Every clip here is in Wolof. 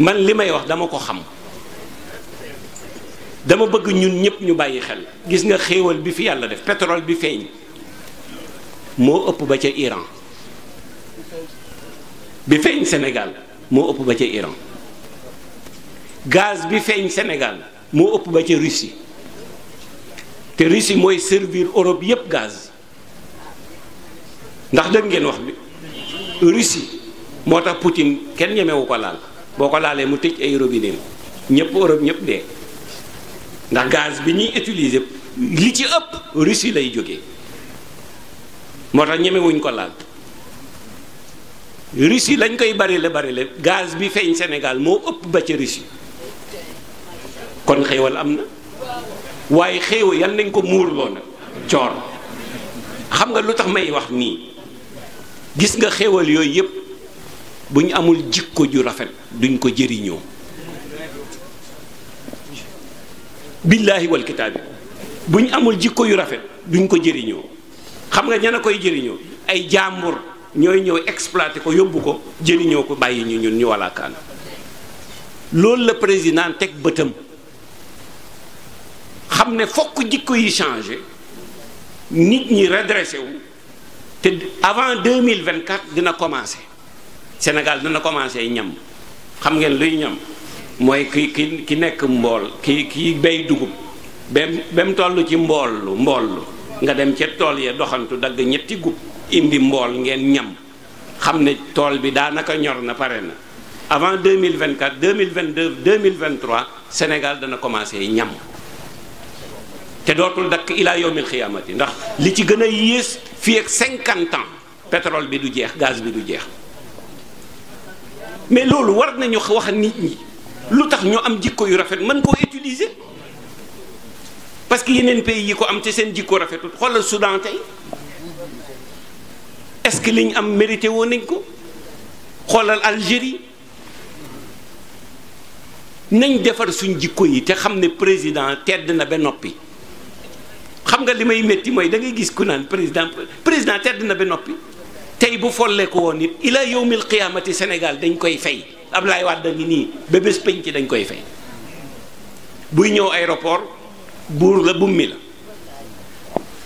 man li may wax dama ko xam dama bëgg ñun ñëpp ñu bàyyi xel gis nga xéewal bi fi yàlla def pétrole bi feeñ moo ëpp ba ca Iran bi feeñ Sénégal moo ëpp ba ca Iran gaz bi feeñ Sénégal moo ëpp ba ca Russie te Russie mooy servir Europe yépp gaz ndax dégg ngeen wax bi Russie moo tax Poutine kenn ñemewu ko laal boo ko laalee mu tëj ay robinet ñëpp Europe ñëpp dee ndax gaz bi ñuy utiliser li ci ëpp Russie lay jógee moo tax ñemewuñ ko laal Russie lañ koy bari barile barile gaz bi feeñ Sénégal moo ëpp ba ca Russie kon xéewal am na waaye xéewal yal nañ ko muurloo nag coor xam nga lu tax may wax nii gis nga xéewal yooyu yëpp. bu ñu amul jikko yu rafet duñ ko jëriñoo billaahi wal kitaabi bu ñu amul jikko yu rafet duñ ko jëriñoo xam nga ña koy jëriñoo ay jàmbur ñooy ñëw exploité ko yóbbu ko jëriñoo ko bàyyi ñu ñun ñu walaakaan loolu la président teg bëtam xam ne fokk jikko yi changé nit ñi redressé wu te avant 2024 dina commencé Sénégal dina commencé ñam xam ngeen luy ñam mooy ki ki ki nekk mbool ki ki bay dugub ba ba mu toll ci mbool mboolu nga dem ca tool ya doxantu dagg ñetti gub indi mbool ngeen ñam xam ne tool bi daanaka ñor na pare na avant 2024 2022 2023 Sénégal dana commencé ñam te dootul dakk ilaa yawmil xiyaamati ndax li ci gën a yées fii ak 50 ans pétrole bi du jeex gaz bi du jeex mais loolu war nañu wax nit ñi lu tax ñu am jikko yu rafet man koo utiliser parce que yeneen pays yi ko am te seen jikko rafetul xoolal Soudan tey est-ce que li am mérité woo nañ ko xoolal Algérie nañ defar suñ jikko yi te xam ne président tedd na ba noppi xam nga li may métti mooy da ngay gis ku naan président président tedd na ba noppi. tey bu ko woon it ila yowmil qiyaamati senegal dañ koy fay Ablaye Wade da ngi nii ba bés penc dañ koy fay buy ñëw aéroport buur la bummi la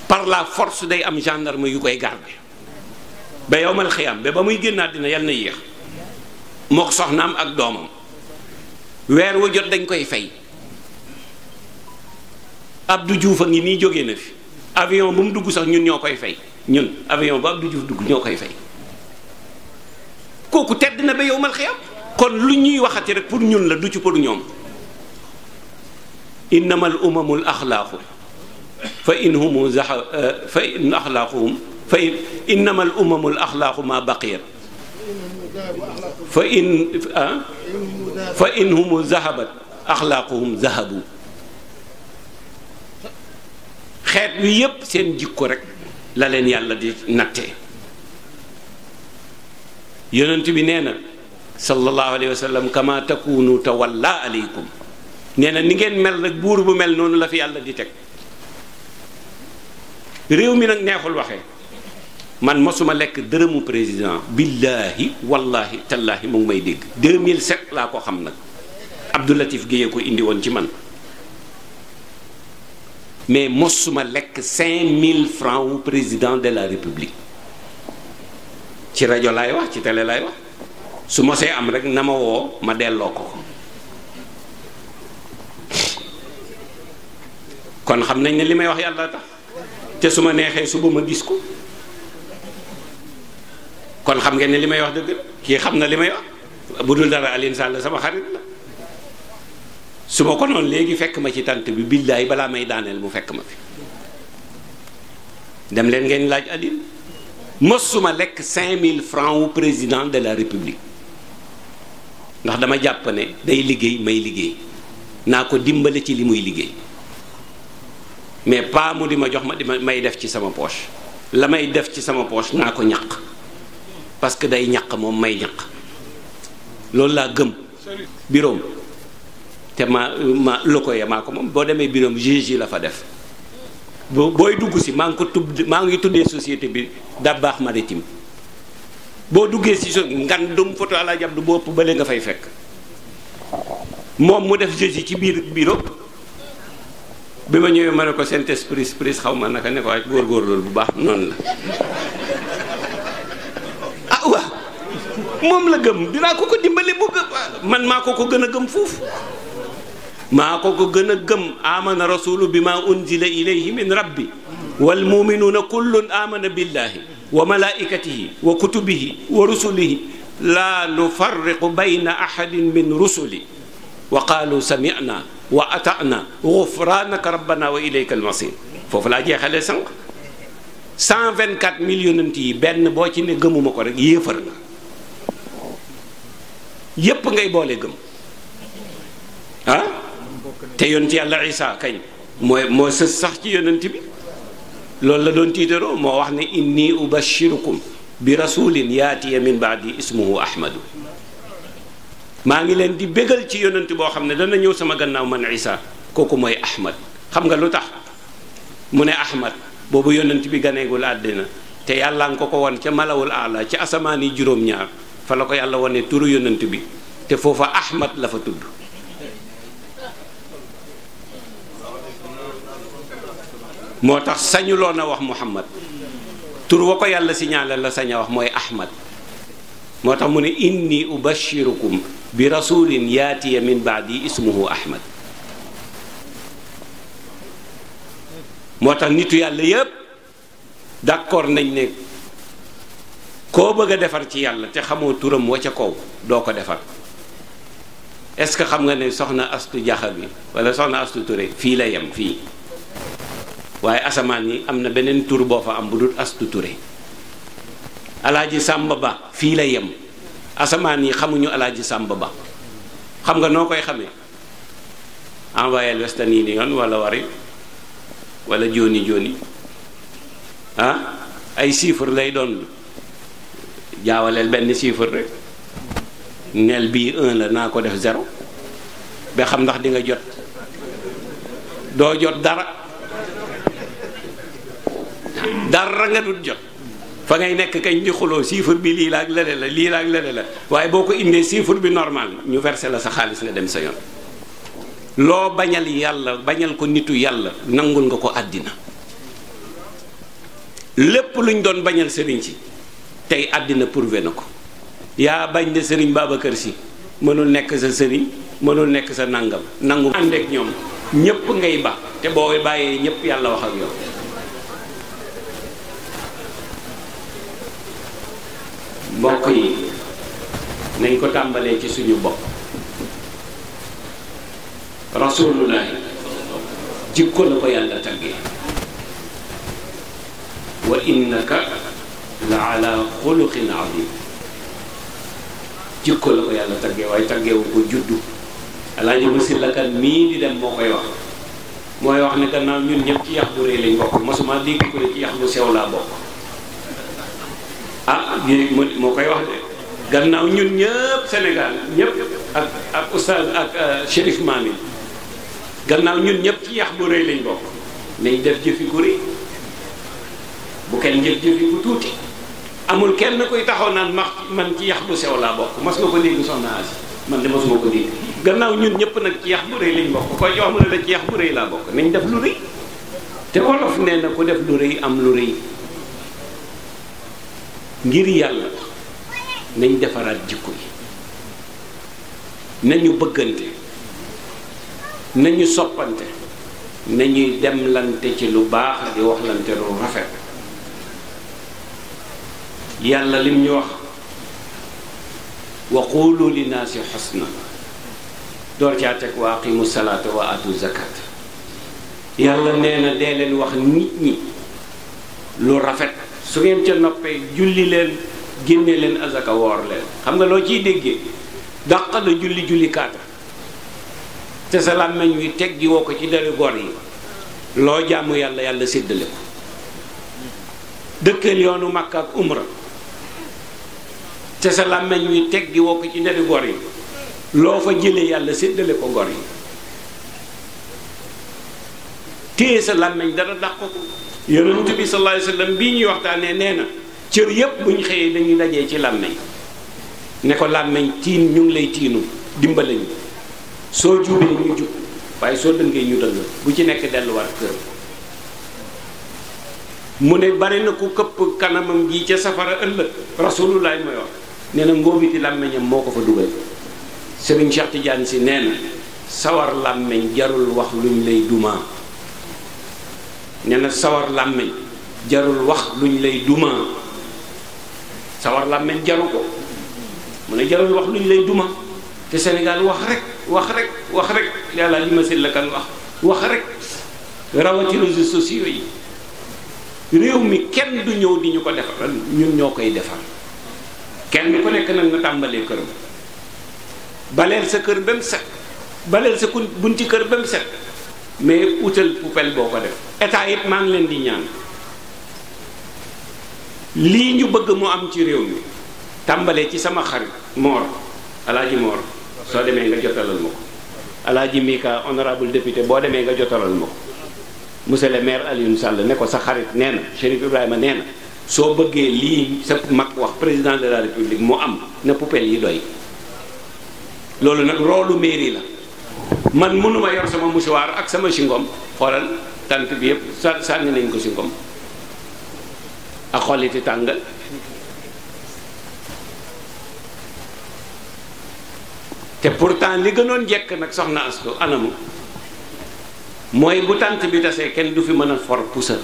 par la force day am gendarme yu koy garder ba yowmal xiyaam ba ba muy génnaat dina yal na yéex mook soxnaam ak doomam weer wu jot dañ koy fay Abdou du a ngi nii jóge na fi avion bu mu dugg sax ñun ñoo koy fay ñun avion ba Abdou Diouf dugg ñoo koy fay kooku tedd na ba yow mal xiyam kon lu ñuy waxati rek pour ñun la du ci pour ñoom innamal umamul axlaaqu fa in humu zaha euh, fa in axlaaquhum fa in innamal umamul axlaaqu ma baqiyat fa in ah? fa in humu zahabat axlaaquhum zahabu xeet wi yépp seen jikko rek la leen yàlla di nattee yonent bi nee na sallallahu alayhi wa sallam kama takunu tawalla aleykum nee na ni ngeen mel nag buur bu mel noonu la fi yàlla di teg réew mi nag neexul waxe man mosuma lekk dërëmu président billaahi wallahi tallaahi mu ngi may dégg 2007 laa ko xam nag Abdoulatif Guèye ko indi woon ci man mais mos suma lekk cinq mille francs wu président de la république ci rajo laay wax ci tele laay wax su mosee am rek na ma woo ma delloo ko kon xam nañ ne li may wax yàlla tax te su ma neexee suba ma gis ko kon xam ngeen ne li may wax dëgg kii xam na li may wax bu dul dara Alioune Sall sama xarit la su ma ko noonu léegi fekk ma ci tant bi billaay balaa may daaneel mu fekk ma fi dem leen ngeen laaj Alioune suma lekk 5000 francs wu président de la république ndax dama jàpp ne day liggéey may liggéey naa ko dimbali ci li muy liggéey mais pas mu di ma jox ma di may def ci sama poche la may def ci sama poche naa ko ñaq parce que day ñaq moom may ñaq loolu laa gëm biroom te ma ma loko ya maa ko moom boo demee biroom juge la fa def boo booy dugg si maa ngi ko tudd maa ngi tuddee société bi Dabakh Maritime boo duggee si so ngan dum photo àla jab du bopp bële nga fay fekk moom mu def juge ci biir bureau bi ma ñëwee ma ne ko Saint Esprit prise xaw ma naka ne ko ak góorgóor loolu bu baax noonu la ah waa moom la gëm dinaa ko ko dimbali bu man maa ko ko gën a gëm fuuf maa ko ko gën a gëm amana rasulu bi ma unzila ilayhi min rabbi wal muminuuna kullun amana billahi wa malaikatihi wa kutubihi wa rusulihi laa nufarriqu bayna ahadin min rusuli wa qaalu samina wa atana gufranaka rabbana wa ilayka almasir foofu laa jeexalee sànq 124 mille yonent yi benn boo ci ne gëmuma ko rek yéefar nga yépp ngay boole gëm ah te yonent yàlla isa kañ mooy moo sës sax ci yonent bi loolu la doon tiitaroo moo wax ne inni ubashirukum bi rasulin yaatiya min baadi ismuhu ahmadu maa ngi leen di bégal ci yonent boo xam ne dana ñëw sama gannaaw man isa kooku mooy ahmad xam nga lu tax mu ne ahmad boobu yonent bi ganeegul àddina te yàlla nga ko ko won ca malawul aala ci asamaan juróom-ñaar fa la ko yàlla wone turu yonent bi te foofa ahmad la fa tudd moo tax sañuloon a wax muhammad tur wa ko yàlla si la sañ a wax mooy ahmad moo tax mu ne inni ubashirukum bi rasulin yaatiya min baadi ismuhu ahmad moo tax nitu yàlla yépp d'accord nañ ne koo bëgg a defar ci yàlla te xamoo turam wa ca kaw doo ko defar est-ce que xam nga ne soxna astu jaxa bi wala soxna astu Touré fii la yem fii waaye asamaan yi am na beneen tur boo fa am bu dul astu ture alaaji sàmba ba fii la yem asamaan yi xamuñu alaaji sàmba ba xam nga noo koy xamee envoyé western union wala wari wala joni joni ah ay chiffre lay doon jaawaleel benn chiffre rek neel bii un la naa ko def zéro ba xam ndax dinga jot doo jot dara dara nga dul jot fa ngay nekk kañ di xuloo chiffre bi lii laak lale la lii laak lale la waaye boo ko indee chiffre bi normal ñu verser la sa xaalis nga dem sa yoon loo bañal yàlla bañal ko nitu yàlla nangul nga ko àddina lépp luñ doon bañal sëriñ si tey àddina pour na ko yaa bañ ne sëriñ kër si mënul nekk sa sëriñ mënul nekk sa nangam nangu àndeek ñoom ñépp ngay ba te boo bàyyee ñépp yàlla wax ak yow mbokk yi nañ ko tàmbalee ci suñu bopp rasulullahi jikko la ko yàlla taggee wa innaka la ala xuluqin azim la ko yàlla taggee waaye taggeewu ko juddu alaaji masil lakan mii di dem moo koy wax mooy wax ne gannaaw ñun ñëpp ci yax bu rëy lañ bokk mosuma dégg ko ne ci yax bu sew laa bokk ah moo koy wax de gannaaw ñun ñëpp Sénégal ñëpp ak ak oustaz ak euh, Chérif Mami gannaaw ñun ñëpp ci yax bu rëy lañ bokk nañ def jëfi ku rëy bu kenn jël jëfi ku tuuti amul kenn kuy taxaw naan max man ci yax bu sew laa bokk mas nga ko dégg soxna Asi man de mas nga ko dégg gannaaw ñun ñëpp nag ci yax bu rëy lañ bokk koy jox mu ne la ci yax bu rëy laa bokk nañ def lu rëy te wolof nee na ku def lu rëy am lu rëy ngir yàlla nañ defaraat jikko yi nañu bëggante nañu soppante nañuy demlante ci lu baax di waxlante lu rafet yàlla lim ñu wax wa qulu linnaasi xusna door caa teg wa aqimu salaata wa atu zakat yàlla nee na dee leen wax nit ñi lu rafet su ngeen ca noppee julli leen génne leen azaka woor leen xam nga loo ciy déggee dàq la julli julli kaata te sa làmmeñ wi teg gi woo ko ci delu gor yi loo jaamu yàlla yàlla séddale ko yoonu makka ak te sa làmmeñ wi teg ci delu yi loo fa jëlee yàlla séddale ko gor yi téye sa làmmeñ dara dàq ko yonent bi sallallahu alayhi wasallam bii ñuy waxtaanee nee na cër yépp bu ñu xëyee dañuy dajee ci làmmeñ ne ko làmmeñ tiin ñu ngi lay tiinu dimbale ñu soo jubee ñu jub waaye soo dëngee ñu dëng bu ci nekk delluwaat këram mu ne bari na ku këpp kanamam gi ca safara ëllëg rasulullah mooy wax nee na ngóobiti làmmeñam moo ko fa dugal Serigne Cheikh si nee na sawar làmmeñ jarul wax luñ lay dumaa ne na sawar làmmiñ jarul wax luñ lay duma sawar làmmiñ jarul ko mu ne jarul wax lu luñ lay duma te Sénégal wax rek wax rek wax rek yàlla li ma si la kan wax wax rek rawati réseaux sociaux yi réew mi kenn du ñëw di ñu ko defar ñun ñoo koy defar kenn ko nekk nag nga tàmbalee këram baleel sa kër ba mu set baleel sa bunti kër ba mu set mais utal poubelle boo ko def état it maa ngi leen di ñaan lii ñu bëgg mu am ci réew mi tàmbalee ci sama xarit Mor alaaji Mor soo demee nga jotalal ma ko alaaji Mika honorable député boo demee nga jotalal ma ko monsieur le maire Alioune ne ko sa xarit nee na Chérif Ibrahima nee na soo bëggee lii sa mag wax président de la république mu am na poubelle yi doy loolu nag roolu mairie la man mënuma yor sama musuwaar ak sama singom xoolal tant bi yëpp sa sànni nañ ko singom ak xolliti tàngal te pourtant li gënoon jekk nag soxna astu anamu mooy bu tant bi tasee kenn du fi mën a for pusa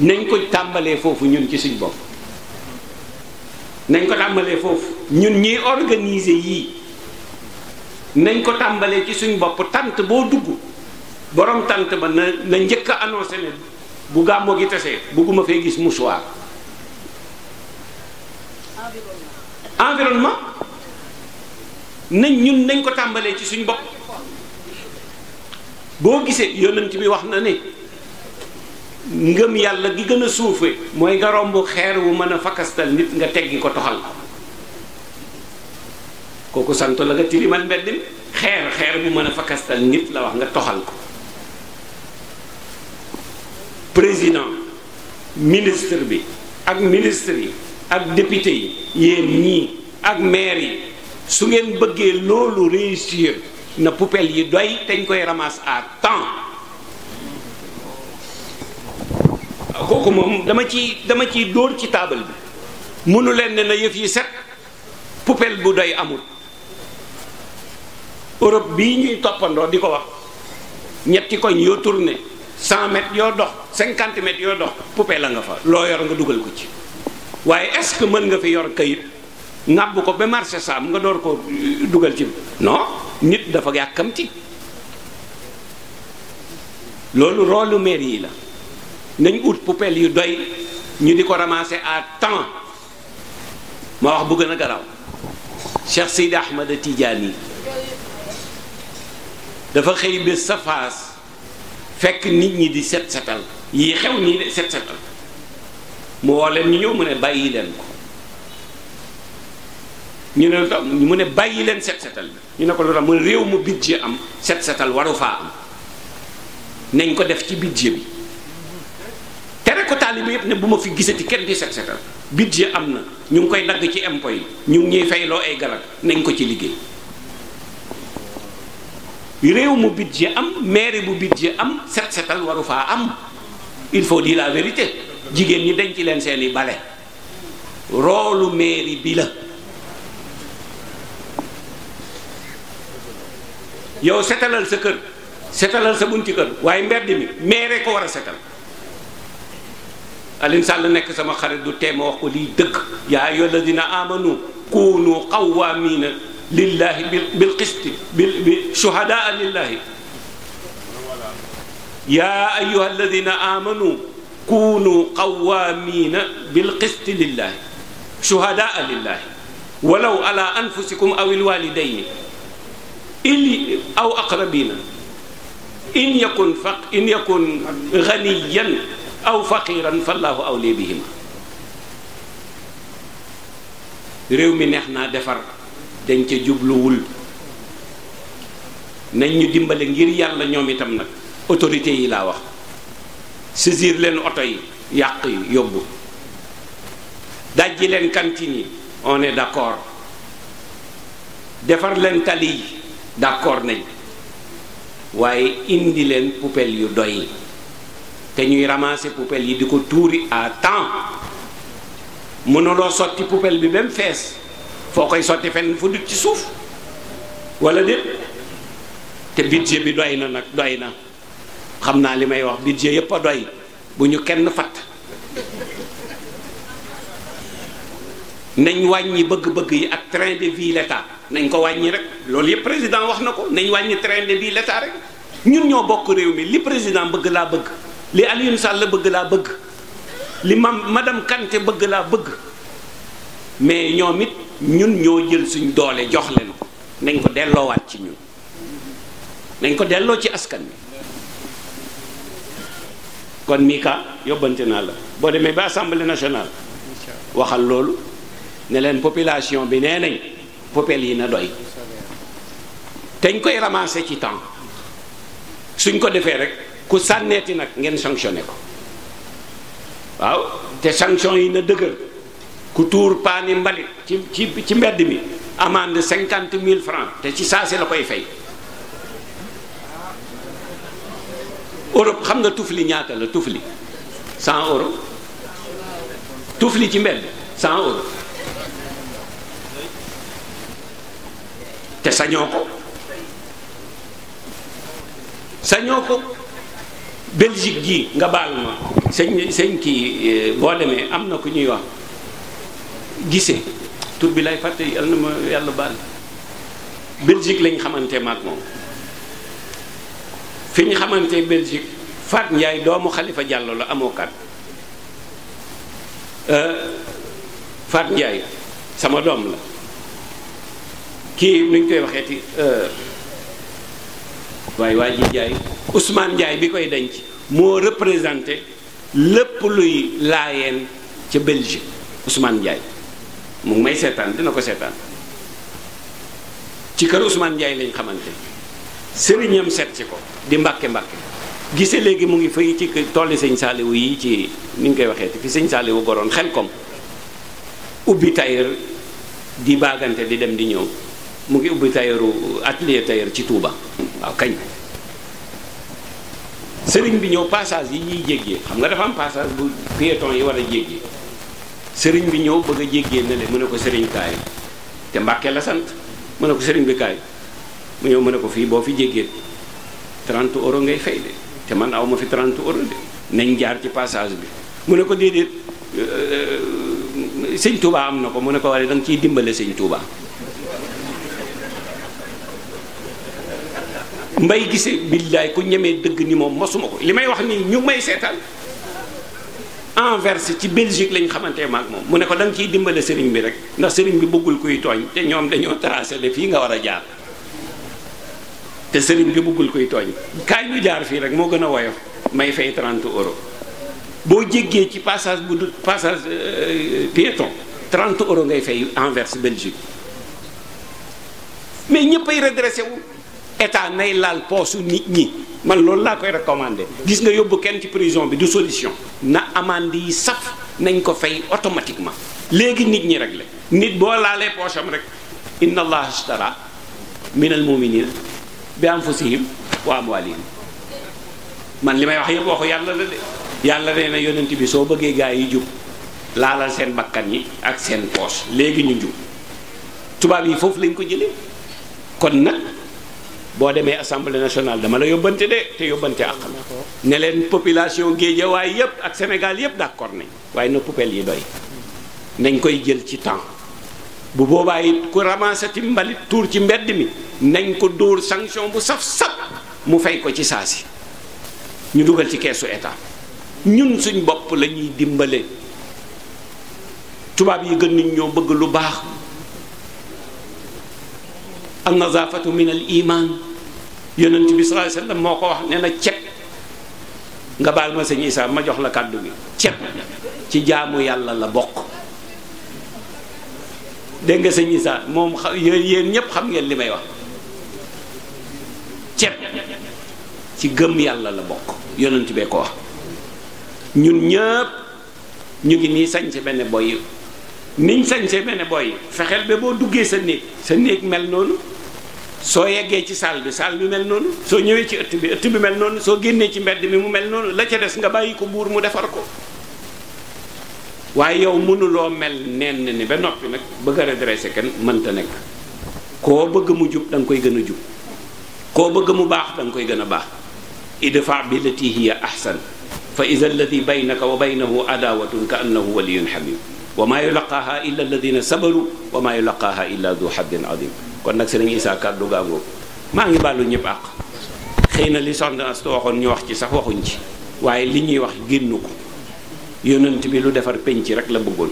nañ ko tàmbalee foofu ñun ci suñ bopp nañ ko tàmbalee foofu ñun ñuy organise yii nañ ko tàmbalee ci suñ bopp tant boo dugg boroom tant ba na njëkk a annoncé ne bu gàmmoo gi tasee bugguma fee gis mouchoir environnement nañ ñun nañ ko tàmbalee ci suñ bopp boo gisee yonent bi wax na ne ngëm yàlla gi gën a suufe mooy nga romb xeer wu mën a fakastal nit nga teggi ko toxal kooku santo la nga tilimal mbedd mi xeer xeer bu mën a fakastal nit la wax nga toxal ko président ministre bi ak ministre yi ak député yi yéen ñii ak maire yi su ngeen bëggee loolu réussir na poubelle yi doy dañ koy ramasse à temps kooku moom dama ci dama ciy dóor ci taabal bi mënu leen ne na yëf yi set poubelle bu doy amul Europe bii ñuy toppandoo di ko wax ñetti koñ yoo tourné cent mètres yoo dox cinquante mètres yoo dox poubelle la nga fa loo yor nga dugal ko ci waaye est-ce que mën nga fi yor kayit ŋàbb ko ba marché sam nga door ko euh, dugal ci no nit dafa yàkkamti loolu rolu maire yi la nañ ut poubelle yu doy ñu di ko ramasser à temps ma wax bu gën a garaaw Cheikh Seydi Ahmada Tidiane dafa xëy bés sa faas fekk nit ñi di set setal yii xew ñii de set setal mu woo ñu ñëw mu ne bàyyi leen ko ñu ne lu tax mu ne bàyyi leen set setal bi ñu ne ko lu tax mu ne réew mu ci am set setal waru am nañ ko def ci budget bi taalibe yëpp ne bu ma fi gisati kenn di set setal budget am na ñu ngi koy dagg ci impôt yi ñu ngi ñuy fayloo ay galag nañ ko ci liggéey réew mu budget am mairie bu budget am set setal waru faa am il faut dire la vérité jigéen ñi dañ ci leen seeni bale roolu mairie bi la yow setalal sa kër setalal sa bunti kër waaye mbedd mi maire ko war a setal Alioune Sall nekk sama xarit du tee ma wax ko lii dëgg yaa ayyuha alladina amanu kunu qawamina lillahi bil qisti bi shuhadaa lillahi yaa ayyuha alladina amanu kunu qawamina bil qisti lillahi shuhadaa lillahi walaw ala anfusikum aw ilwalidayni ili aw aqrabina in yakun faq in yakun ganiyan aw faqiran fallaahu awli bihima réew mi neex naa defar dañ ca jubluwul nañ ñu dimbale ngir yàlla ñoom itam nag autorité yi laa wax saisir leen oto yi yàq yi yóbbu dajji leen kantini yi on est d'accord defar leen tali yi d'accord nañ waaye indi leen poubelle yu doy te ñuy ramasser poubelle yi di ko tuuri à temps mënuloo sotti poubelle bi ba mu fees foo koy sotti fenn fu dut ci suuf wala déet te budget bi doy na nag doy na xam naa li may wax budget yépp a doy bu ñu kenn fatt nañ wàññi bëgg-bëgg yi ak train de vie l'État nañ ko wàññi rek loolu yépp président wax na ko nañ wàññi train de vie l'État rek ñun ñoo bokk réew mi li président bëgg laa bëgg li Alioune Sall la bëgg laa bëgg li ma madame kante bëgg laa bëgg mais ñoom it ñun ñoo jël suñ doole jox leen ko nañ ko delloowaat ci ñun nañ ko delloo ci askan wi kon Mika yóbbante naa la boo demee ba assemblée nationale waxal loolu ne leen population bi nee nañ popel yi na doy teñ koy ramasser ci temps suñ ko defee rek ku sànneeti nag ngeen sanctionné ko waaw te sanction yi na dëgër ku tuur paani mbalit ci ci ci mbedd mi amende cinquante mille francs te ci saasi la koy fay Europe xam nga tufli ñaata la tufli cent euros tufli ci mbedd cent euros te sañoo ko sañoo ko Belgique gii nga baal ma sëñ sëñ kii eh, boo demee am na ku ñuy wax gisee tur bi lay fàtte yal na ma yàlla baal Belgique lañ xamante maag moom fi ñu xamante Belgique Faat Njaay doomu Xalifa Jàllo la amoo kat Faat Njaay sama doom la kii nuñ koy waxee ti eh, waaye waa ji jaay usmaan Ndiaye bi koy denc moo représenté lépp luy laayeen ca Belgique usmaan Ndiaye mu may seetaan dina ko seetaan ci kër Ousmane Ndiaye lañ xamante sëriñam seet si ko di Mbàkke Mbàkke gisee léegi mu ngi fay ci tolli sëñ Saaliwu yi ci ni ñu koy waxee fi sëñ Saaliwu boroon xel kom ubbi tailleur di baagante di dem di ñëw mu ngi ubbi tailleur atelier tailleur ci tuuba waaw kañ sëriñ bi ñëw passage yi ñuy jéggee xam nga dafa am passage bu piéton yi war a jéggee sëriñ bi ñëw bëgg a jéggee ne le mu ne ko sëriñ kaay te Mbàkke la sant mu ne ko sëriñ bi kaay mu ñëw mu ne ko fii boo fi jéggee trent euros ngay fay de te man aw ma fi 30 euros de nañ jaar ci passage bi mu ne ko déedéet euh, sëñ Touba am na ko mu ne ko waree da nga ciy dimbale sëñ Touba. mbay gisee billaay ku ñemee dëgg ni moom mosuma ko li may wax nii ñu may seetaan Anvers ci Belgique lañ xamante maag moom mu ne ko da ciy dimbale sëriñ bi rek ndax sëriñ bi bëggul kuy tooñ te ñoom dañoo tracé le fii nga war a jaar te sëriñ bi buggul kuy tooñ kaay jaar fii rek moo gën a woyof may fay 30 euros boo jéggee ci passage bu dul passage euh, piéton 30 euros ngay fay Anvers Belgique mais ñëppay redressé wu. état nay laal poosu nit ñi man loolu laa koy recommander gis nga yóbbu kenn ci prison bi du solution na amande yi saf nañ ko fay automatiquement léegi nit ñi rek la nit boo laalee poosam rek inna allaha ashtara min al muminina bi anfusihim wa amwalihim man li may wax yëpp waxu yàlla la de yàlla nee na yonent bi soo bëggee gaa yi jub laalal seen bakkan yi ak seen poos léegi ñu jub tubaab yi foofu lañ ko jëlee kon nag boo demee assemblée nationale dama la yóbbante de te yóbbante àq la ne leen population waaye yépp ak Sénégal yépp d'accord nañ waaye na poubelle yi doy nañ koy jël ci temps bu boobaa it ku ramassati mbalit tuur ci mbedd mi nañ ko dóor sanction bu saf-saf mu fay ko ci saa si ñu dugal ci keesu état ñun suñ bopp lañuy dimbale tubaab yi gën nañ ñoo bëgg lu baax an nazafatu min al yonent bi sallallahu alayhi moo ko wax nee na cet nga baal ma sëñ Issa ma jox la kàddu gi cet ci jaamu yàlla la bokk dégg nga sëñ Issa moom yéen ñépp xam ngeen li may wax cet ci gëm yàlla la bokk yonent bee ko wax ñun ñëpp ñu ngi nii sañse benn boy niñ sañse benn boy fexeel ba boo duggee sa néeg sa néeg mel noonu soo yeggee ci salle bi salle bi mel noonu soo ñëwee ci ëtt bi ëtt bi mel noonu soo génnee ci mbedd mi mu mel noonu la ca des nga bàyyi ko buur mu defar ko waaye yow mënuloo mel nenn ni ba noppi nag bëgg a redresser kenn mënta nekk koo bëgg mu jub da koy gën a jub koo bëgg mu baax da koy gën a baax idfa billati hiya ahsan fa ida alladi baynaka wa baynahu adawatun ka annahu waliyun hamim wa maa yulaqaaha illa alladina sabaru wa maa yulaqaaha illa du haddin adim kon nag sëriñ Issa kàddu gaagoo maa ngi baalu ñëpp àq xëy na li soxna Astu waxoon ñu wax ci sax waxuñ ci waaye li ñuy wax génn ko yonent bi lu defar penc rek la bëggoon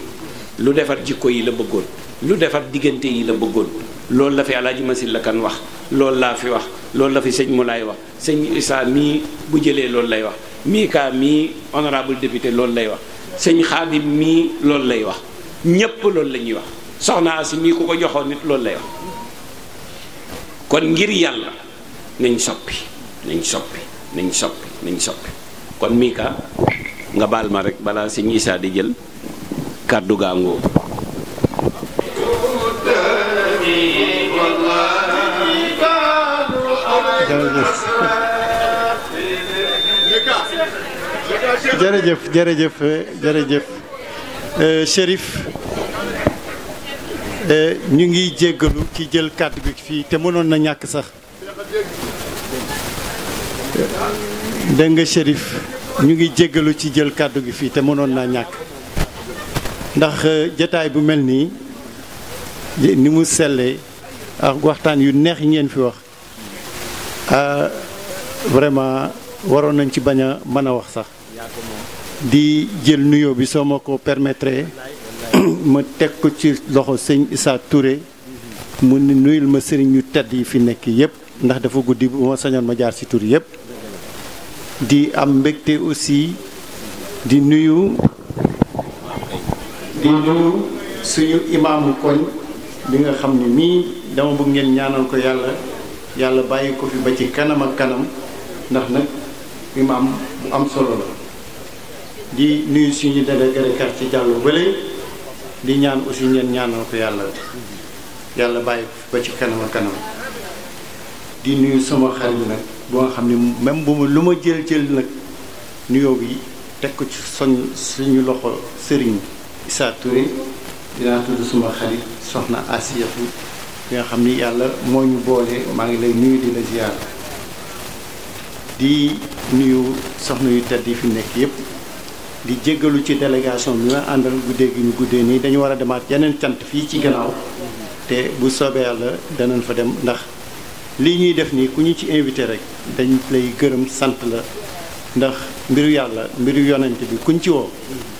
lu defar jikko yi la bëggoon lu defar diggante yi la bëggoon loolu la fi alaaji masil la kan wax loolu laa fi wax loolu la fi sëñ Moulay wax sëñ Issa mii bu jëlee loolu lay wax mii kaa mii honorable député loolu lay wax sëñ Xaadim mii loolu lay wax ñépp loolu la ñuy wax soxna Asi mii ku ko joxoon nit loolu lay wax kon ngir yàlla nañ soppi nañ soppi nañ soppi nañ kon Mika nga baal ma rek balaa sëñ Isaa di jël kàddu gaangoo jërëjëf jërëjëf jërëjëf euh, Eh, ñu ngi jéggalu ci jël kàddu gi fii te mënoon na ñàkk sax eh, dégg nga Chérif ñu ngi jéggalu ci jël kàddu gi fii te mënoon naa ñàkk ndax eh, jataay bu mel nii ni mu sellee ak waxtaan yu neex yi ngeen fi wax ah vraiment waroon nañ ci bañ a mën a wax sax di jël nuyoo bi soo ma ko permettre ma teg ko ci loxo sëñ Issa Touré mu ni nuyul ma sëriñ yu tedd yi fi nekk yëpp ndax dafa guddi bu ma sañoon ma jaar ci tur yëpp di am mbégte aussi di nuyu suñu imaamu koñ bi nga xam ne mii dama bëgg ngeen ñaanal ko yàlla yàlla bàyyi ko fi ba ci kanam ak kanam ndax nag imaam bu am solo la di nuyu suñu délégué quartier ci Diallo Wele di ñaan aussi ngeen ñaanal ko yàlla yàlla bàyyi ko ba ci kanam a di nuyu suma xarit nag boo nga xam ne même bu ma lu ma jël jël nag nuyoo bi teg ko ci soñ suñu loxo sëriñ Issa Touré dinaa tudd suma xarit soxna Asiyatu bi nga xam ni yàlla moo ñu boole maa ngi lay nuyu di la ziar di nuyu soxna yu tedd yi fi nekk yépp di jéggalu ci délégation bi ma àndal guddee gi ñu guddee nii dañu war a demaat yeneen sant fii ci gannaaw te bu soobee yàlla danañ fa dem ndax lii ñuy def nii ku ñu ci invité rek dañ lay gërëm sant la ndax mbiru yàlla mbiru yonent bi kuñ ci woo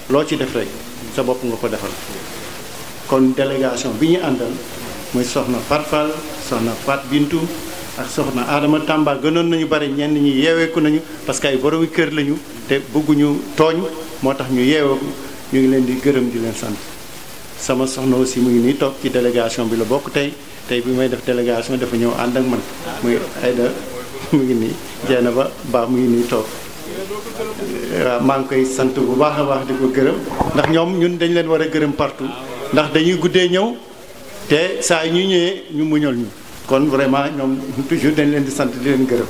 loo ci def rek sa bopp nga ko defal kon délégation bi ñu àndal mooy soxna Fat Fall soxna Fat Bintu ak soxna aadama Tamba gënoon nañu bari ñenn ñi yeeweeku nañu parce que ay boromi kër lañu te bëgguñu tooñ moo tax ñu yeewoo ñu ngi leen di gërëm di leen sant sama soxna aussi mu ngi nii toog ci délégation bi la bokk tey tey bi may def délégation dafa ñëw ànd ak man muy Aïda mu ngi nii na ba baax mu ngi nii toog maa ngi koy sant bu baax a baax di ko gërëm ndax ñoom ñun dañ leen war a gërëm partout ndax dañuy guddee ñëw te saa yi ñu ñëwee ñu muñal ñu kon vraiment ñoom toujours dañ leen di sant di leen gërëm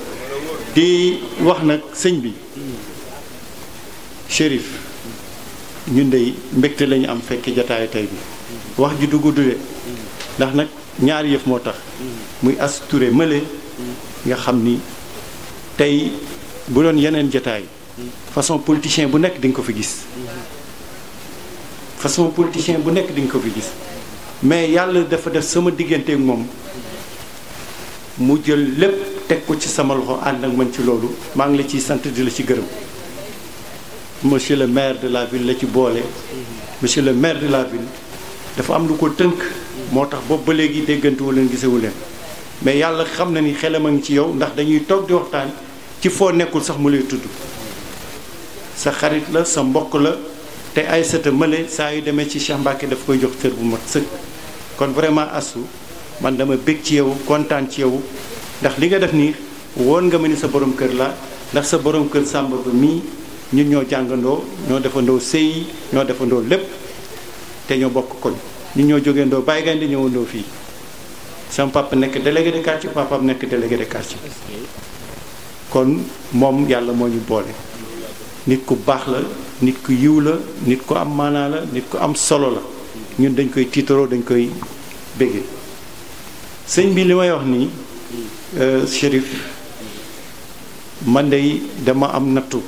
di wax nag sëñ bi Chérif ñun dey mbégte lañu am fekk jataayu tey bi wax ji du gudd de ndax nag ñaari yëf moo tax muy Astou Touré mële nga xam ni tey bu doon yeneen jataay façon politicien bu nekk di nga ko fi gis façon politicien bu nekk di ko fi gis mais yàlla dafa def sama diggante ak moom mu jël lépp teg ko ci sama loxo ànd ak man ci loolu maa ngi la ciy sant di la ci gërëm monsieur le maire de la ville la ci boole monsieur le maire de la ville dafa am lu ko tënk moo tax boobu ba léegi déggantewu leen gisewu leen mais yàlla xam na ni xelam a ngi ci yow ndax dañuy toog di waxtaan ci foo nekkul sax mu lay tudd sa xarit la sa mbokk la te ay sata mële saa yu demee ci Cheikh Mbacke daf koy jox cër bu mag sëkk kon vraiment Astou man dama bég ci yow kontaan ci yow ndax li nga def nii woon nga ma ni sa borom kër la ndax sa borom kër Samba mii ñun ñoo jàngandoo ñoo defandoo sëy ñoo defandoo lépp te ñoo bokk koñ ñun ñoo jógeendoo Baye Gaynde ñëwandoo fii sama papa nekk délégué de quartier papaam nekk délégué de quartier kon moom yàlla moo ñu boole nit ku baax la nit ku yiw la nit ku am maanaa la nit ku am solo la ñun dañ koy tiitaroo dañ koy béggee sëñ bi li may wax nii euh, Chérif man dey dama am nattu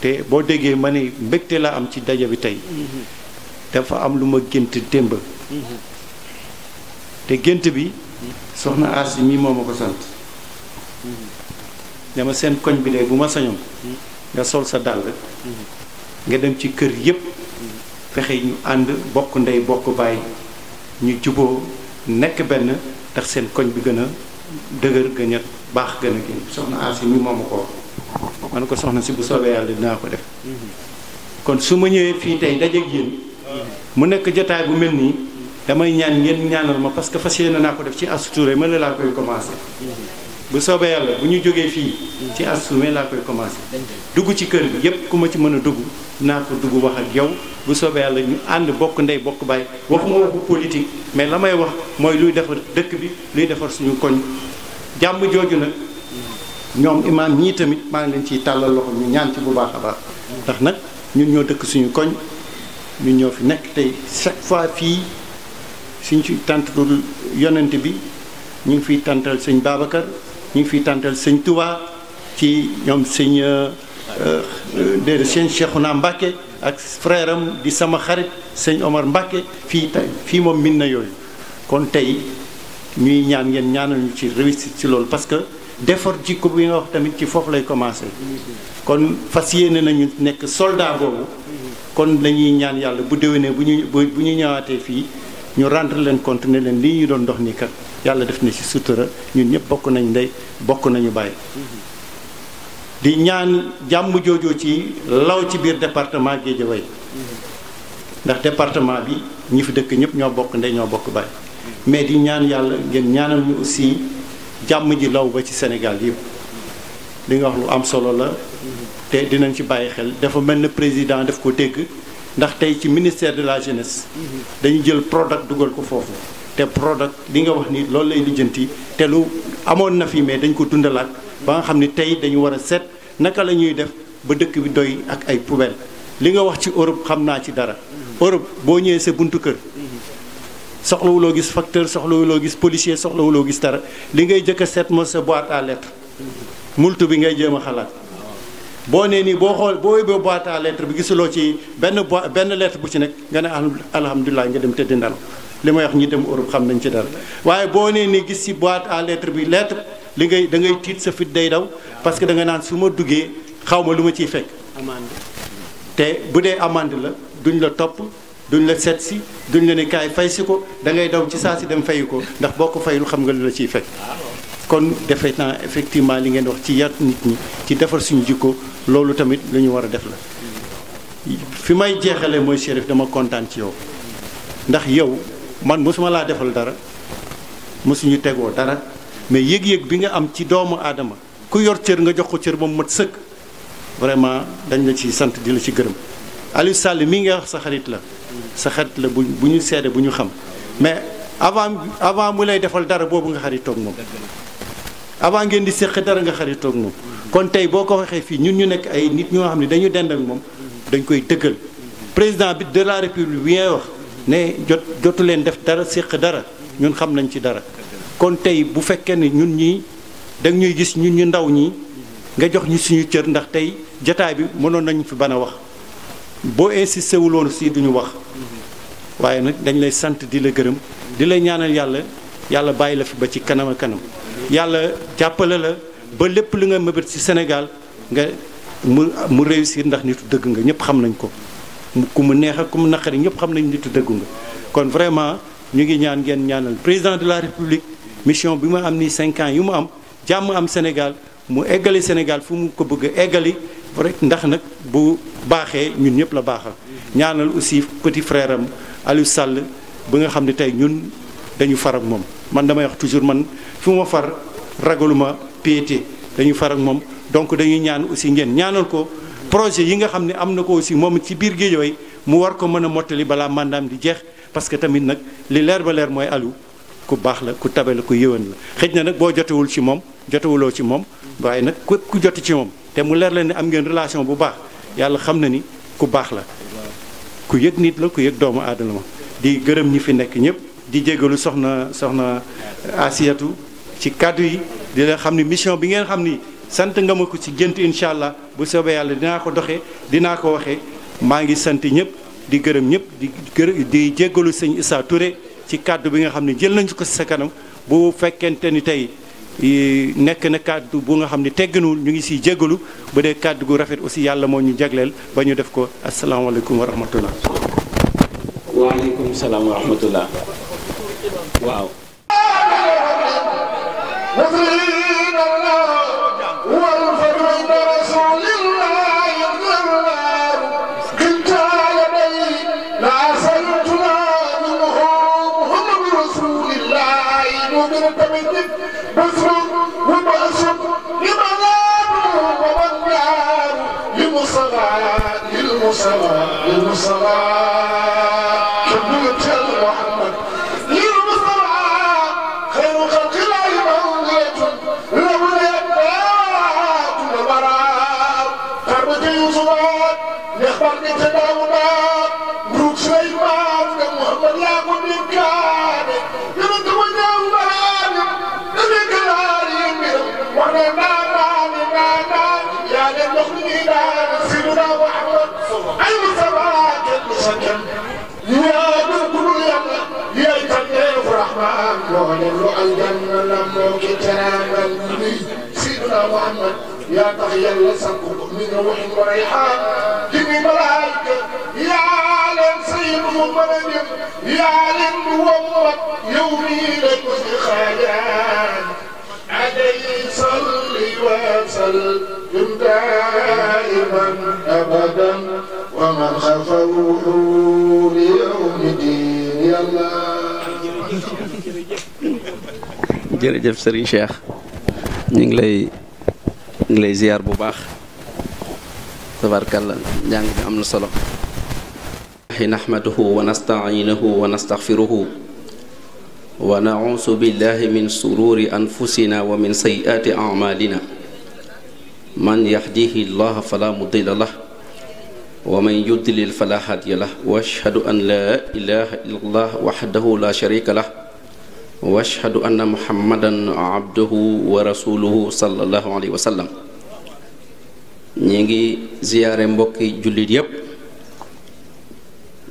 te boo déggee ma ne mbégte laa am ci daje bi tey dafa am lu ma gént démb te gént bi soxna Asi mii moo ma sant dama seen koñ bi de bu ma sañoon nga sol sa dàll nga dem ci kër yépp fexe ñu ànd bokk ndey bokk baay ñu juboo nekk benn tax seen koñ bi gën a dëgër gën a baax gën a génn soxna Asi mii moom ma ko man ko soxna si bu soobee yàlla dinaa ko def kon su ma ñëwee fii tey dajeeg yéen mu nekk jotaay bu mel nii damay ñaan ngeen ñaanal ma parce que fas yéene naa ko def ci astuture mën na laa koy commencé bu soobee yàlla bu ñu jógee fii ci astuture laa koy commencé dugg ci kër bi yépp ku ma ci mën a dugg naa ko dugg wax ak yow bu soobee yàlla ñu ànd bokk ndey bokk baay waxuma waxu politique mais la may wax mooy luy defar dëkk bi luy defar suñu koñ jàmm jooju nag ñoom imaam ñii tamit maa ngi leen ciy tàllal loxo ñu ñaan ci bu baax a baax ndax nag ñun ñoo dëkk suñu koñ ñun ñoo fi nekk tey chaque fois fii suñ ci tàntatul yonent bi ñu ngi fiy tàntal sëñ Babacar ñu ngi fiy tàntal sëñ Touba ci ñoom sëñ euh, euh, déedéet sëñ naa Mbacke ak frère am di sama xarit sëñ Omar Mbacke fii tey fii moom min na yooyu kon tey ñuy ñaan ngeen ñaanal ñu ci réussite ci loolu parce defar jikko bi nga wax tamit ci foofu lay commencé kon fas yéene nañu nekk soldat boobu kon lañuy ñaan yàlla bu déwénee bu ñu bu ñu ñëwaatee fii ñu rendre leen compte leen lii ñu doon ndox nii kat yàlla def na ci sutura ñun ñëpp bokk nañ ndey bokk nañu bàyyi. di ñaan jàmm joojoo ci law ci biir département Guédiawaye ndax département bi ñu fi dëkk ñëpp ñoo bokk ndey ñoo bokk bàyyi mais di ñaan yàlla ngeen ñaanal ñu aussi. jàmm ji law ba ci Sénégal yëpp li nga wax lu am solo la te dinañ ci bàyyi xel dafa mel ne président def ko dégg ndax tey ci ministère de la jeunesse dañu jël Prodac dugal ko foofu te Prodac li nga wax ni loolu lay lijjanti te lu amoon na fi mais dañ ko dundalaat ba nga xam ni tey dañu war a seet naka la ñuy def ba dëkk bi doy ak ay poubelle li nga wax ci Europe xam naa ci dara Europe boo ñëwee sa buntu kër soxlawuloo gis facteur soxlawuloo gis policier soxlawuloo gis dara li ngay jëkk a seet sa boîte à lettres multu bi ngay jéem a xalaat boo nee nii boo xool boo yóbbee boîte à lettres bi gisuloo ci benn boi benn lettre bu ci nekk nga ne alhamdulilah nga dem tëdd nelaw li ma wax ñi dem Europe xam nañ ci dara waaye boo nee nii gis si boîte à lettres bi lettre li ngay da ngay tiit sa fit day daw parce que da nga naan su ma duggee xaw ma lu ma ciy fekk. te bu dee amande la duñ la topp. duñ la seet si duñ la ne kaay fay si ko dangay ngay daw ci saa si dem fayu ko ndax boo ko fayul xam nga lu la ciy fekk kon defe effectivement li ngeen wax ci yar nit ñi ci defar suñu jikko loolu tamit lu ñu war a def la fi may jeexale mooy Chérif dama kontaan ci yow ndax yow man mosuma laa defal dara mosuñu tegoo dara mais yëg-yëg bi nga am ci doomu aadama ku yor cër nga jox ko cër ba mu mat sëkk vraiment dañ la ci sant di la ci gërëm Aliou Sall mi wax sa xarit la sa xarit la bu bu ñu seede bu ñu xam mais avant avant bu lay defal dara boobu nga xaritoog moom avant ngeen di séq dara nga xaritoog moom kon tey boo ko waxee fii ñun ñu nekk ay nit ñoo xam ne dañu dend ak moom dañ koy dëggal président bi de la république bi ngay wax ne jot jotu leen def dara séq dara ñun xam nañ ci dara kon tey bu fekkee ne ñun ñii da ñuy gis ñun ñu ndaw ñi nga jox ñu suñu cër ndax tey jataay bi mënoon nañu fi ban a wax boo insisté wu loolu si duñu wax waaye nag dañ lay sant di la gërëm di lay ñaanal yàlla yàlla bàyyi la fi ba ci kanam kanam yàlla jàppale la ba lépp li nga mëbët si Sénégal nga mu mu réussir ndax nitu dëgg nga ñëpp xam nañ ko ku mu neex ak ku mu naqari ñëpp xam nañ nitu dëgg nga kon vraiment ñu ngi ñaan ngeen ñaanal président de la république mission bi ma am nii cinq ans yu mu am jàmm am Sénégal mu eggali Sénégal fu mu ko bëgg eggali rek ndax nag bu baaxee ñun ñëpp la baaxal ñaanal aussi petit frère am Aliou Sall bi nga xam ne tey ñun dañu far moom man damay wax toujours man fu ma far ragaluma piété dañu far ak moom donc dañuy ñaan aussi ngeen ñaanal ko projet yi nga xam ne am na ko aussi moom ci biir Guédiawaye mu war ko mën a mottali balaa mandaam di jeex parce que tamit nag li leer ba leer mooy Aliou ku baax la ku tabe la ku yëwan la xëj na nag boo jotewul ci moom jotewuloo ci moom waaye nag ku jot ci moom te mu leer leen ne am ngeen relation bu baax yàlla xam na ni ku baax la ku yëg nit la ku yëg doomu aadama di gërëm ñi fi nekk ñëpp di jégalu soxna soxna asiyatu ci kàddu yi dina xam ni mission bi ngeen xam ni sant nga ma ko ci gént incha allah bu sebe yàlla dina ko doxee dinaa ko waxee maa ngi sant ñëpp di gërëm ñëpp di gërë di jégalu sëñ Issa ture ci kàddu bi nga xam ne jël nañu ko sa kanam bu fekkente ni tey nekk na kàddu bu nga xam ne tegginuwul ñu ngi siy jéggalu ba dee kàddu gu rafet aussi yàlla moo ñu jagleel ba ñu def ko asalaamaaleykum wa rahmatullah waaleykum salaam wa rahmatullah waaw المصطفى المصطفى loole lu aljanna la moo ki teraangal ni sidna Muhammad yaa tax yàlla sànq ko mi nga waxin wa rayhaan di mi malaayika yaa leen sayid mu mën a jëm yaa leen du wommat yow mii la ko si xaajaan علي صل وسلم دائما ابدا ومن خاف وحوري jërëjëf Serigne Cheikh ñu ngi lay ñu ngi lay ziar bu baax tabarkàlla njàng bi am na solo nahmaduhu wa nasta'inuhu wa nastaghfiruhu wa na'uuzu billahi min sururi anfusina wa min sayyiati a'malina man yahdihi llah fala mudilla lah wa man yudlil fala hadiya lah wa ashhadu an la ilaha illallah wahdahu la sharika lah wa ashhadu anna muhammadan abduhu wa rasuluhu sallallahu alayhi wa ñi ngi ziyaare mbokki jullit yépp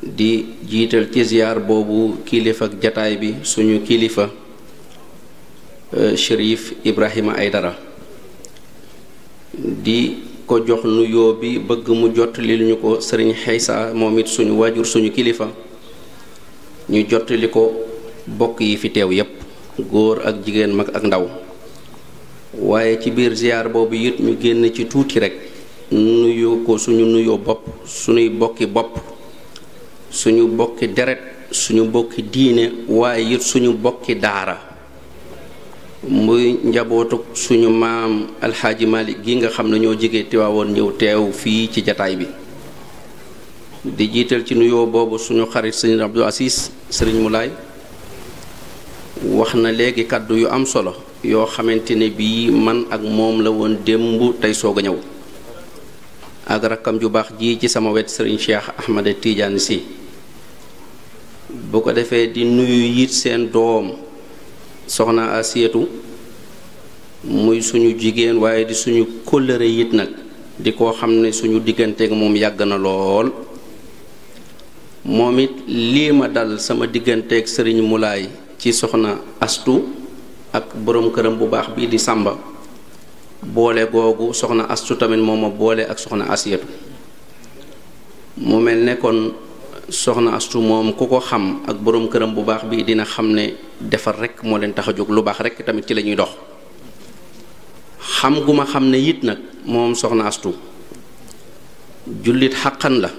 di jiital ci ziyaar boobu kilifa jataay bi suñu kilifa euh, Chérif Ibrahima ay dara di ko jox nuyoo bi bëgg mu jottali ñu ko sëriñ Xeysa moom it suñu waajur suñu kilifa ñu jottali ko bokk yi fi teew yépp góor ak jigéen mag ak ndaw waaye ci biir ziyaar boobu it ñu génn ci tuuti rekk nuyu ko suñu nuyoo bopp suñuy bokki bopp suñu bokki deret suñu bokki diine waaye it suñu bokki daara muy njabootu suñu maam alxaaji Malik gi nga xam ne ñoo jege Tiwaawoon ñëw teew fii ci jataay bi di jiital ci nuyoo boobu suñu xarit sëriñ Abdou Asis wax na léegi kàddu yu am solo yoo xamante ne bii man ak moom la woon démb tey soog a ñëw ak rakkam ju baax ji ci sama wet sëriñ Cheikh Ahmada Tidiane si bu ko defee di nuyu yit seen doom soxna Asiyatu muy suñu jigéen waaye di suñu kóllëre yit nag di ko xam ne suñu digganteek moom yàgg na lool moom it lii ma dal sama digganteek sëriñ Mulaay ci soxna astu ak boroom këram bu baax bii di sàmba boole googu soxna astu tamit moom ma boole ak soxna asiyatu mu mel ne kon soxna astu moom ku ko xam ak boroom këram bu baax bii dina xam ne defar rek moo leen tax a jóg lu baax rek tamit ci lañuy dox xam gu ma xam ne it nag moom soxna astu jullit xaqan la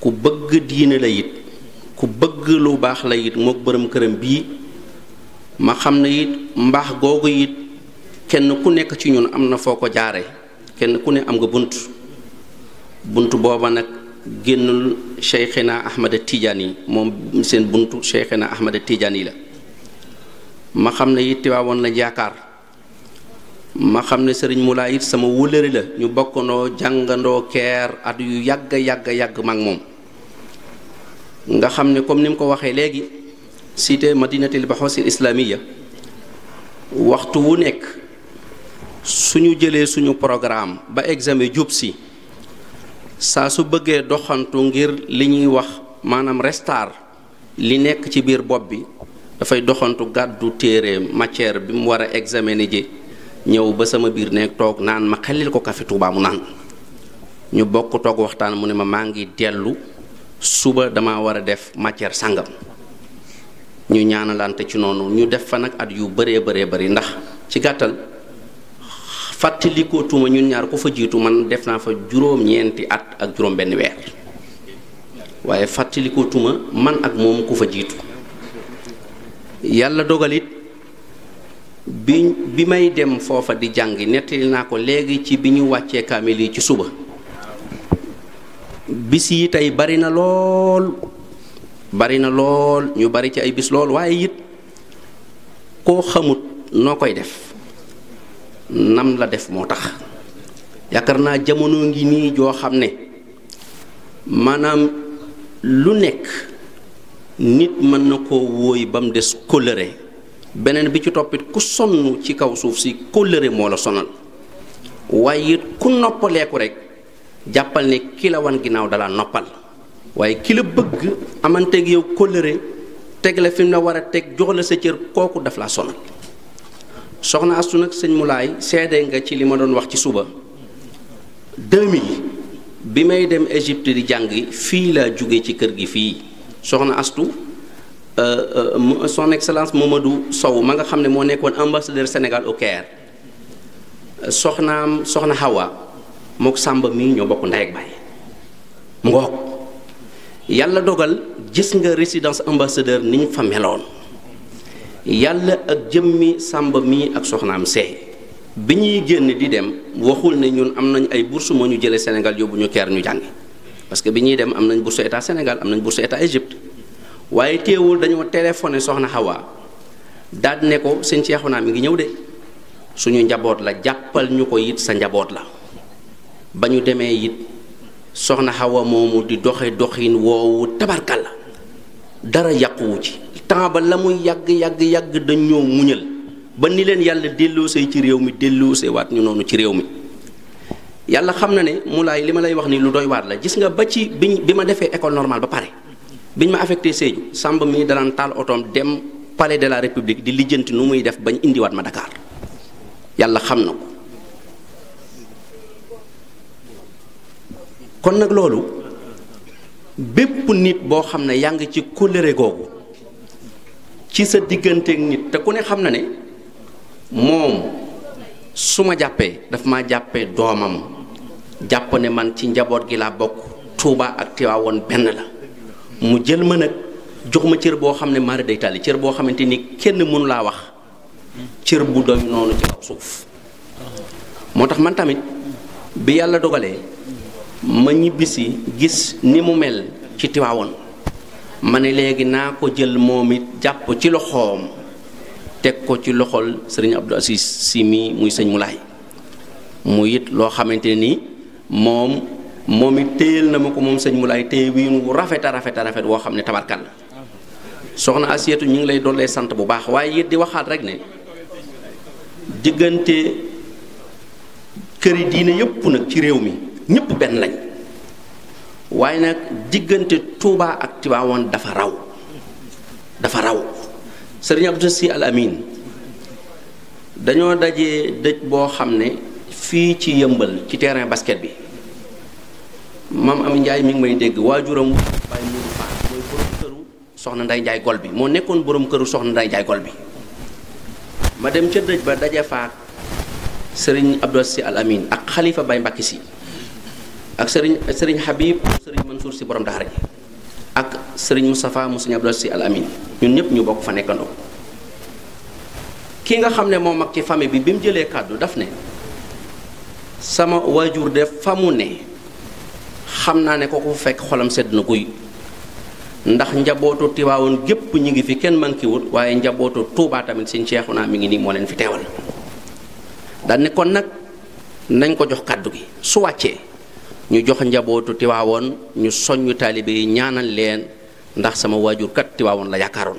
ku bëgg diine la it ku bëgg lu baax la it moo bërëm këram bii ma xam na it mbaax googu it kenn ku nekk ci ñun am na foo ko jaare kenn ku ne am nga bunt bunt booba nag génnul Cheikhina Ahmada Tidiane yi moom seen buntu Cheikhina Ahmada Tidiane yi la ma xam ne it Tiwaawoon lañ yaakaar ma xam ne sëriñ Moulay it sama wëlëri la ñu bokkandoo jàngandoo keer at yu yàgg yàgg yàgg mag moom nga xam ne comme ni mu ko waxee léegi ma cité madinatil baxoosil islamiya waxtu wu nekk suñu jëlee suñu programme ba examen jub si saa su bëggee doxantu ngir li ñuy wax maanaam restar li nekk ci biir bopp bi dafay doxantu gàddu téere matière bi mu war a examiner ji ñëw ba sama biir nekk toog naan ma xellil ko kafe Tuubaa mu naan ñu bokk toog waxtaan mu ne ma maa ngi dellu suba dama war a def matière sàngam ñu ñaanalante ci noonu ñu def fa nag at yu bëree bëree bari ndax ci gàttal fàttalikootuma ñun ñaar ko fa jiitu man def naa fa juróom-ñeenti at ak juróom-benn weer waaye fàttalikootuma man ak moom ku fa jiitu yàlla dogalit bi bi may dem foofa di jàngi nettali naa ko léegi ci bi ñu wàccee kaamil yi ci suba bis yi tey bari na lool bari na lool ñu bari ci ay bis lool waaye yit koo xamut noo koy def nam la def moo tax yaakaar naa jamono ngi nii joo xam ne maanaam lu nekk nit mën na koo wóoy ba mu des kóllëre beneen bi ci toppit ku sonn ci kaw suuf si kóllëre moo la sonal waaye it ku noppaleeku rek jàppal ne ki la wan ginnaaw dalaa noppal waaye ki la bëgg amanteeg yow kóllëre teg la fi mu la war a teg jox la sa cër kooku daf la sonal soxna astu nag sëñ Mulaay nga ci li ma doon wax ci suba 2000 bi may dem Égypte di jàng fii laa jóge ci kër gi fii soxna astu euh, euh, son excellence Mamadou Sow ma nga xam ne moo nekkoon ambassadeur Sénégal au Caire soxnaam soxna Hawa mook sàmba mii ñoo bokk ndey ak baay mu ngoog yàlla dogal gis nga résidence ambassadeur ni ñu fa meloon yàlla ak jëmmi sàmba mii ak soxna am see bi ñuy génn di dem waxul ne ñun am nañ ay bourse moo ñu jëlee Sénégal yóbbu ñu keer ñu jàngi parce que bi ñuy dem am nañ bourse état senegal am nañ bourse état Égypte waaye teewul dañoo téléphoné soxna Hawa daal ne ko sëñ Cheikhouna mi ngi ñëw de suñu njaboot la jàppal ñu ko it sa njaboot la ba ñu demee it soxna Awa moomu di doxe doxin woowu tabarkalla dara yàquwu ci temps la muy yàgg yàgg yàgg dañ ñoo muñal ba ni leen yàlla delloosee ci réew mi delloosee waat ñu noonu ci réew mi yàlla xam na ne Moulay li ma lay wax ni lu doy waat la gis nga ba ci biñ bi ma defee école normale ba pare biñ ma affecté Sédhiou Samba mii danaan taal otoom dem palais de la république di lijjanti nu muy def bañ indiwaat ma dakaar yàlla xam na ko kon nag loolu bépp nit boo xam ne yaa ngi ci kóllëre googu ci sa diggante nit te ku ne xam na ne moom su ma jàppee dafa ma jàppee doomam jàpp ne man ci njaboot gi laa bokk Tuuba ak Tiwaawoon benn la mu jël ma nag jox ma cër boo xam ne mara day tàlli cër boo xamante ni kenn mënu laa wax cër bu doy noonu ci kaw suuf moo tax man tamit bi yàlla dogalee ma ñibbisi gis ni mu mel ci Tiwaawoon ma ne léegi naa ko jël moom it jàpp ci loxoom teg ko ci loxol sëriñ Abdou Aziz Si mi muy sëñ Mulaay mu it loo xamante ni moom moom it téyel na ma ko moom sëñ Mulaay téye wiin wu rafet a rafet rafet woo xam ne tabarkal la soxna Asiyatu ñu ngi lay doon sant bu baax waaye it di waxaat rek ne diggante këri diine yépp nag ci réew mi ñépp benn lañ waaye nag diggante Touba ak Tivaouane dafa raw dafa raw sëriñ Abdou Si Al dañoo dajee dëj boo xam ne fii ci yëmbal ci terrain basket bi maam am Njaay mi ngi may dégg waajuramu Baye Mourou Fall mooy borom këru soxna Nday Njaay gol bi moo nekkoon boroom këru soxna Nday Njaay gol bi ma dem ca dëj ba daje faak sëriñ Abdou Si ak xalifa Baye Mbàkki si ak sëriñ sëriñ Habib sëriñ Mansour si borom daara ji ak sëriñ Moustapha mu sëriñ Abdoulaye si al amin ñun ñëpp ñu bokk fa nekkandoo ki nga xam ne moo mag ci famille bi bi mu jëlee kàddu daf ne sama waajur de famu ne xam naa ne ko ko fekk xolam sedd na guy ndax njabootu Tiwaawoon gépp ñu ngi fi kenn mankiwut waaye njabootu Tuubaa tamit seen ceexu naa mi ngi nii moo leen fi teewal daan kon nag nañ ko jox kàddu gi su wàccee. ñu jox njabootu tiwaawoon ñu soññu taalibe yi ñaanal leen ndax sama waajur kat tiwaawoon la yaakaaroon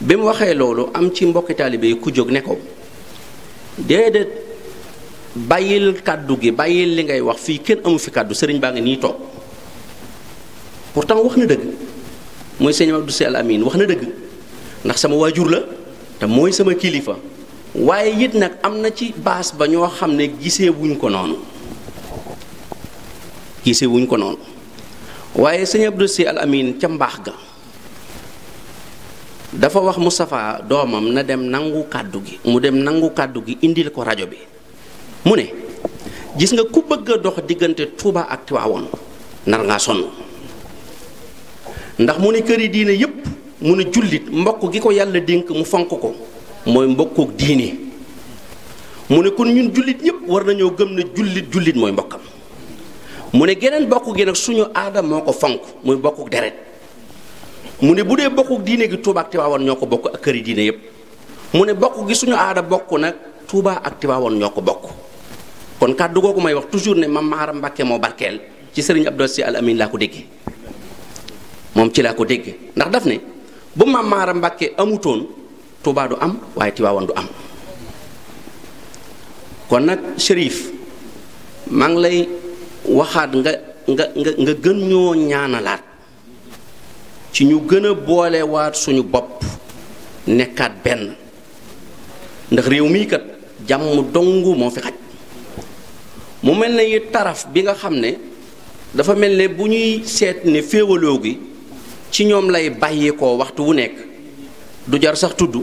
bi mu waxee loolu am ci mbokki taalibe ku jóg ne ko déedéet bàyyil kàddu gi bàyyil li ngay wax fii kenn amu fi kàddu sëriñ baa ngi nii toog pourtant wax na dëgg mooy sëñ Abdou Sy Al Amine wax na dëgg ndax sama waajur la te mooy sama kilifa waaye it nag am na ci baas ba ñoo xam ne gisee wuñ ko noonu gisee wuñ ko noonu waaye sëñ Abdou Si ca mbaax ga dafa wax Moustapha doomam na dem nangu kàddu gi mu dem nangu kàddu gi indil ko rajo bi mu ne gis nga ku bëgg dox diggante Touba ak Tiwaawoon nar ngaa sonn ndax mu ne kër yi diine yépp mu ne jullit mbokk gi ko yàlla dénk mu fonk ko mooy mbokkook diine mu ne kon ñun jullit ñépp war nañoo gëm ne jullit jullit mooy mbokkam mu ne geneen bokk gi nag suñu aada moo ko fonk muy bokkuk deret mu ne bu dee bokkuk diine gi Touba ak Tivaouane ñoo ko bokk ak këri diine yépp mu ne bokk gi suñu aada bokk nag Touba ak Tivaouane ñoo ko bokk kon kàddu googu may wax toujours ne Mame Maharam Mbacke moo barkeel ci sëriñ Abdou Sy Al Amin laa ci laa ko déggee ndax daf ne bu Mame Maharam Mbacke amutoon Touba du am waaye Tivaouane du am kon nag Chérif maa lay waxaat nga nga nga nga gën ñoo ñaanalaat ci ñu gën a boolewaat suñu bopp nekkaat benn ndax réew mii kat jàmm dong moo fi xaj mu mel na yi taraf bi nga xam ne dafa mel ne bu ñuy seet ni féewaloo gi ci ñoom lay bàyyeekoo waxtu wu nekk du jar sax tudd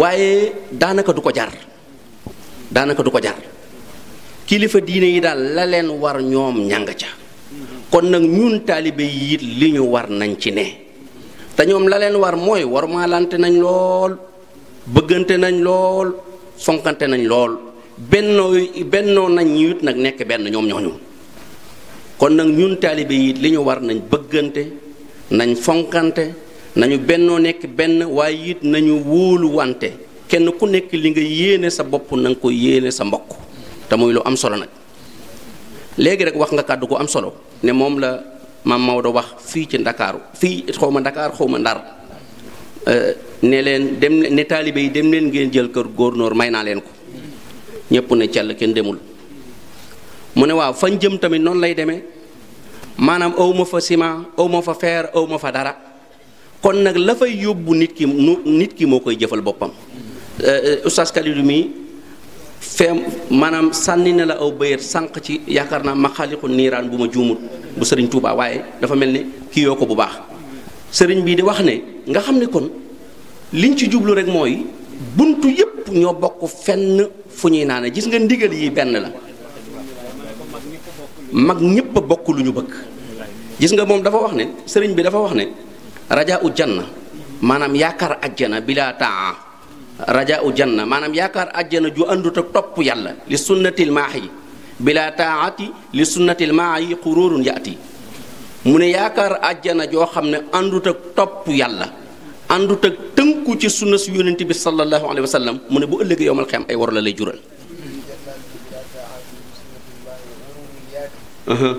waaye daanaka du ko jar daanaka du ko jar kilifa diine yi daal la leen war ñoom ñàng ca kon nag ñun taalibe yi li ñu war nañ ci ne te ñoom la leen war mooy war maalante nañ lool bëggante nañ lool fonkante nañ lool bennoo bennoo nañ it nag nekk benn ñoom ñooñu kon nag ñun taalibe yi it li ñu war nañ bëggante nañ fonkante nañu bennoo nekk benn waaye it nañu wóolu wante kenn ku nekk li nga yéene sa bopp na nga ko yéene sa mbokk te muy lu am solo nag léegi rek wax nga kàddu gu am solo ne moom la maam Maodo wax fii ci ndakaaru fii xaw ma ndakaar xaw ma ndar euh, ne leen dem ne taalibe yi dem leen ngeen jël kër góornóor may naa leen ko ñépp ne cell kenn demul mu ne waaw fañ jëm tamit noonu lay demee maanaam awma fa ciment awma fa fer awma fa dara kon nag la fay yóbbu nit ki nit ki moo koy jëfal boppam euh, euh, oustaz Kalidou feem maanaam sànni na la aw bëyat sànq ci yaakaar naa ma xaaliqu niiraan bu ma juumut bu sëriñ Touba waaye dafa mel ni kii yoo ko bu baax sëriñ bii di wax ne nga xam ne kon liñ ci jublu rek mooy buntu yépp ñoo bokk fenn fu ñuy naane gis nga ndigal yi benn la mag ñépp a bokk lu ñu bëgg gis nga moom dafa wax ne sëriñ bi dafa wax ne rajaa u janna maanaam yaakaar ajjana bilaa taa rajaa u janna maanaam yaakaar àjjana ju àndut ak topp yàlla li sunnatil maax yi bila taati li sunnatil maax yi xuróorun yaati mu ne yaakaar àjjana joo xam ne àndut ak topp yàlla àndut tënku ci sunna su bi sallallahu alayhi wa mu ne bu ëllëgee yowmal xiyaam ay war lay jural uh-huh.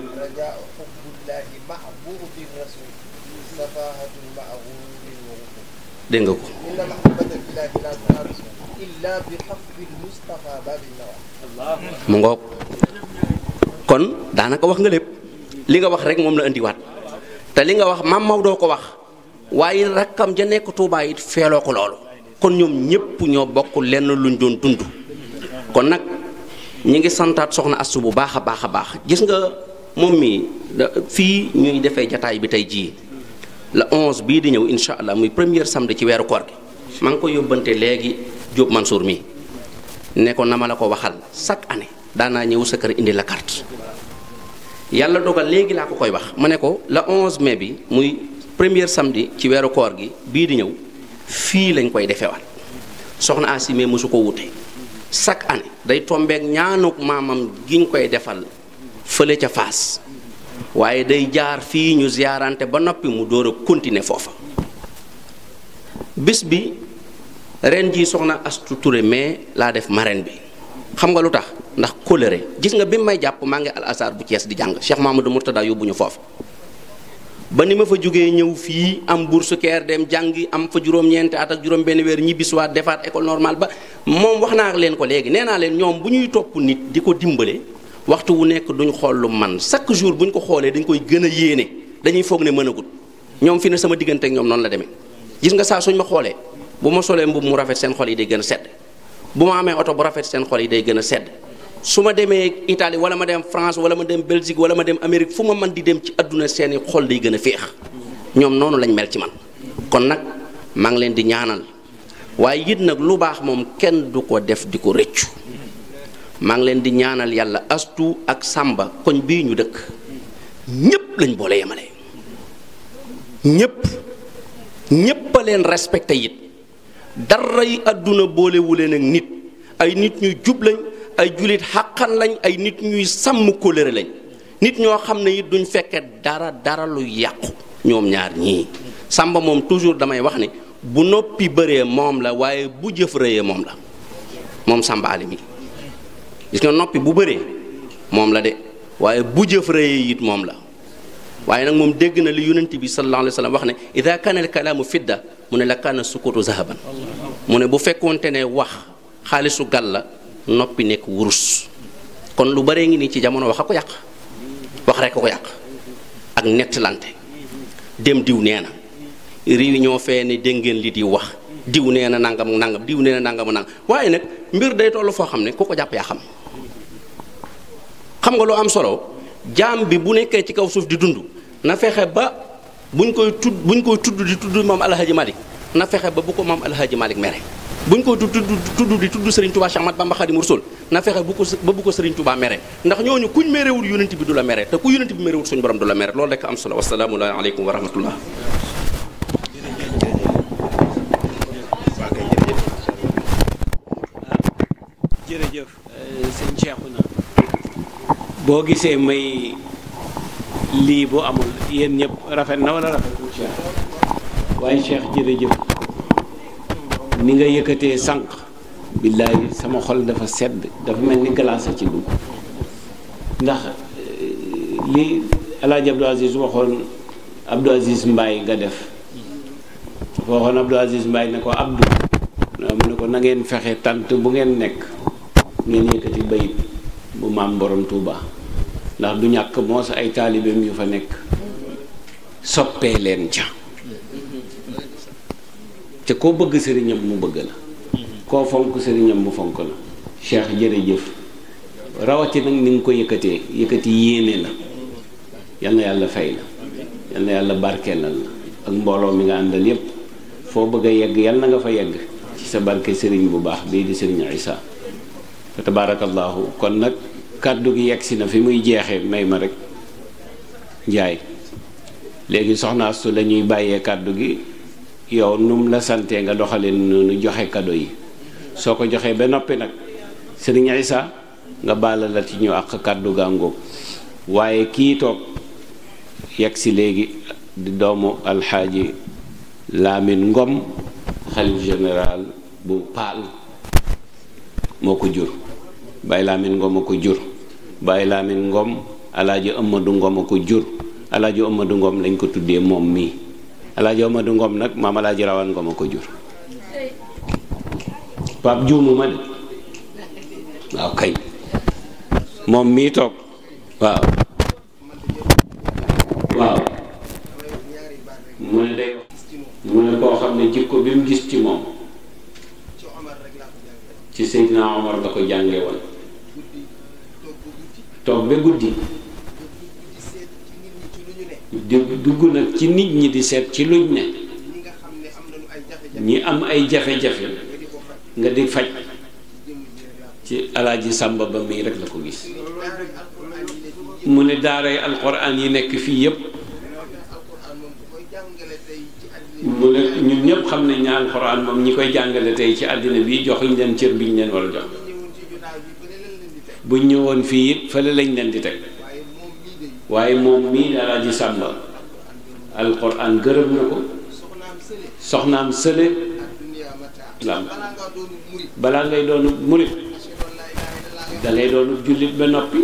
mu ngoog kon daanaka wax nga lépp li nga wax rek moom la indiwaat te li nga wax maam Maodo ko wax waaye rakkam ja nekk Touba it feeloo ko loolu kon ñoom ñëpp ñoo bokk lenn luñ doon dund kon nag ñi ngi santaat soxna Astou bu baax a baax a baax gis nga moom mi fii ñuy defee jataay bi tey jii la 11 bii di ñëw incha allah muy première samedi ci weeru koor gi ma ngi ko yóbbante léegi Diop Mansour mi ne ko na ma la ko waxal chaque année daanaa ñëw sa kër indi la carte yàlla dogal léegi laa ko koy wax ma ne ko la onze mais bi muy première samdi ci weeru koor gi bii di ñëw fii lañ koy defewaat soxna Asime mosu ko wute chaque année day tombeek ñaanuk maamam giñ koy defal fële ca Faas waaye day jaar fii ñu ziyaarante ba noppi mu door a continuer foofa bis bi ren jii soxna Astu Ture mais laa def marraine bi xam nga lu tax ndax kóllëre gis nga bi may jàpp maa ngi al azar bu Thiès di jàng Cheikh Mamadou Mourtada yóbbu ñu foofu ba ni ma fa jógee ñëw fii am bourse keer dem jàngi am fa juróom-ñeenti at ak juróom benn weer ñibbi suwaat defaat école normale ba moom wax naa leen ko léegi nee naa leen ñoom bu ñuy topp nit di ko dimbale waxtu wu nekk duñ xool lu man chaque jour bu ñu ko xoolee dañ koy gën a yéene dañuy foog ne mën ñoom fi ne sama diggante ñoom noonu la demee gis nga saa suñ ma xoolee bu ma solee mbub mu rafet seen xol yi day gën a sedd bu ma amee oto bu rafet seen xol yi day gën a sedd su ma demee itali wala ma dem France wala ma dem Belgique wala ma dem Amérique fu ma man di dem ci àdduna seeni xol day gën a féex ñoom noonu lañ mel ci man kon nag maa ngi leen di ñaanal waaye yit nag lu baax moom kenn du ko def di ko rëccu maa ngi leen di ñaanal yàlla astu ak sàmba koñ bii ñu dëkk ñépp lañ boole yemale ñépp ñépp a leen respecté it dara yi àdduna boolewuleen ak nit ay nit ñu jub lañ ay julit xàqan lañ ay nit ñuy sàmm kóllëre lañ nit ñoo xam ne it duñ fekke dara dara lu yàqu ñoom ñaar ñii sàmba moom toujours damay wax ni bu noppi bëree moom la waaye bu jëf rëyee moom la moom sàmba ali mi gis nga noppi bu bëree moom la de waaye bu jëf rëyee it moom la waaye nag moom dégg na li yonent bi sallallahu alayhi wa sallam wax ne ida kaana al kalaamu fidda mu ne la kaana sukutu zahaban mu ne bu fekkoonte ne wax xaalisu gal la noppi nekk wurus kon lu baree ngi nii ci jamono wax a ko yàq wax rek a ko yàq ak nettalante dem diw nee na réunion fee ne dégg ngeen li di wax diw nee na nangam nangam diw nee na nangam nangam waaye nag mbir day toll foo xam ne ku ko jàpp yaa xam xam nga lu am solo jaam bi bu nekkee ci kaw suuf di dund na fexe ba. buñ koy tudd buñ koy tudd di tudd maam Alhaji Malick na fexe ba bu ko maam Alhaji Malick mere buñ koy tudd tudd di tudd Serigne Touba Cheikh Ahmad Bamba Khadim na fexe bu ko ba bu ko Serigne Touba mere ndax ñooñu kuñ merewul yonent bi du la mere te ku yonent bi merewul suñu borom du la mere loolu rek am solo wasalaamu aleykum wa rahmatullah jërëjëf euh, sëñ Cheikhouna lii bu amul yéen ñëpp rafet na wala rafet bu Cheikh waaye Cheikh ni nga yëkkatee sànq billaay sama xol dafa sedd dafa mel ni glace ci dugg ndax euh, li El Hadj Abdou Aziz waxoon Abdou Aziz Mbaye nga def dafa waxoon Abdou Aziz Mbaye ne ko Abdou mu ne ko nangeen ngeen fexe tant bu ngeen nekk ngeen yëkkati bayit bu maam borom Touba. ndax du ñàkk moo sa ay taalibeem yu fa nekk soppee leen ca te koo bëgg sëriñam mu bëgg la koo fonk sëriñam mu fonk la Cheikh jërëjëf rawati nag ni nga ko yëkkatee yëkkati yéene la yal na yàlla fay la yal na yàlla barkeelal la ak mbooloo mi nga àndal yépp foo bëgg a yegg yal na nga fa yegg ci sa barke sëriñ bu baax bii di sëriñ Issa tabaarakallaahu kon nag kàddu gi yegg si na fi muy jeexe may ma rek njaay léegi soxna Astu la bàyyee kàddu gi yow num la santee nga doxale noonu joxe kado yi soo ko joxee ba noppi nag sëriñ sax nga baalalati ñu ak kàddu gàngoog waaye kii toog yegg si léegi di doomu alxaaji Lamine Ngom xalif général bu Paal moo ko jur Baye Lamine Ngom moo ko jur bàyyi laa laamin ngom alaaji Amadou Ngom a ko jur alaaji Amadou Ngom lañ ko tuddee moom mii alaaji Amadou Ngom nag maam alaaji rawaan ngom a ko jur Pape juumu ma de waaw kañ moom mii toog waaw waaw mu ne day mu ne koo xam ne jikko bi mu gis ci moom ci Seydina Omar la ko jànge toog ba guddi dugg nag ci nit ñi di seet ci luñ ne ñi am ay jafe-jafe nga di faj ci alaaji sàmba ba mii rek la ko gis mu ne daaray alquran yi nekk fii yépp mu ne ñun ñëpp xam ne ñaan alquran moom ñi koy jàngale tey ci àddina bi joxuñ leen cër biñ leen war jox bu ñëwoon fii it fële lañ leen di teg waaye moom mii daal di sàmba alquran gërëm na ko soxnaam sële balaa ngay doonu murit da doonu jullit ba noppi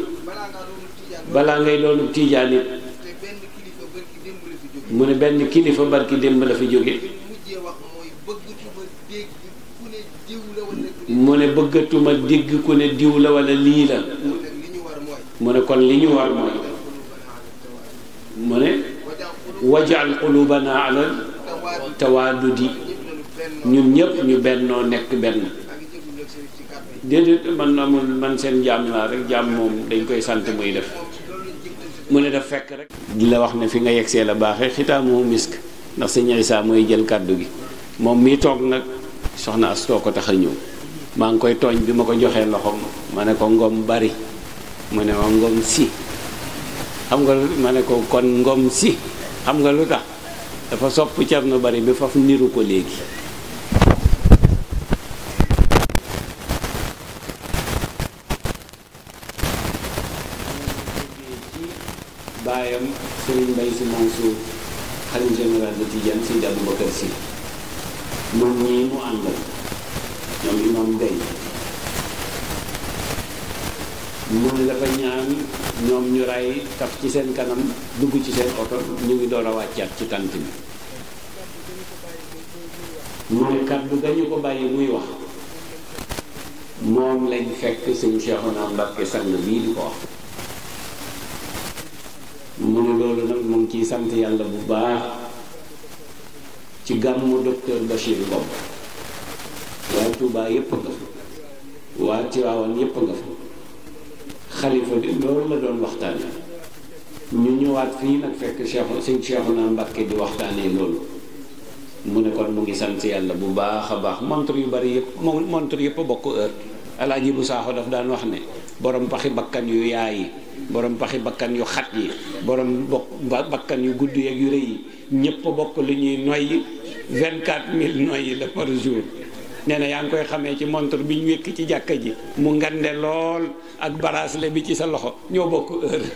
balaa ngay doonu tiijaan mu ne benn kilifa barki démb la fi jóge mu ne bëggatuma dégg ku ne diw la wala lii la mu ne kon li ñu war mooy mu ne wajaal qulubana ala tawaadudi ñun ñëpp ñu bennoo nekk benn déedéet man amul man seen jaam laa rek jaam moom dañ koy sant muy def mu ne def fekk rek di la wax ne fi nga yegsee la baaxee xitaamu misk ndax sëñ saa mooy jël kàddu gi moom mii toog nag soxna as ko tax a ñëw maa ngi koy tooñ bi ma ko joxee loxoom ma ne ko ngom bari mu ne ma ngom si xam nga ma ne ko kon ngom si xam nga lu tax dafa sopp Cerno Bari bi faf niru ko léegi baayam Serigne Mbaye Sy Mansour xalifa général de Tidiane Seydi Aboubacar Sy moom ñii mu àndal ñoom imam gay mun la fa ñaan ñoom ñu ray taf ci seen kanam dugg ci seen oto ñu ngi door a wàccaat ci tànt bi mu ne kàddu ga ñu ko bàyyi muy wax moom lañ fekk sëñ Cheikhouna Mbacké sang bii di ko wax mu ne loolu nag mu ciy sant yàlla bu baax ci gàmmu docteur Bachir Ngom Touba yépp nga fa waa Tiwaawan yépp nga fa xalifa bi loolu la doon waxtaane ñu ñëwaat fii nag fekk Cheikh sëñ Cheikhouna Mbacké di waxtaanee loolu mu ne kon mu ngi sant yàlla bu baax a baax montre yu bari yëpp montre yëpp bokk heure alaaji bu saaxo daf daan wax ne borom paxi bakkan yu yaay yi borom paxi bakkan yu xat yi borom bokk bakkan yu gudd yeeg yu rëy yi ñëpp bokk li ñuy noyyi 24000 noyyi la par jour neena yaa ngi koy xamee ci montre bi ñu wékk ci jàkka ji mu ngande lool ak baraasle bi ci sa loxo ñoo bokk heure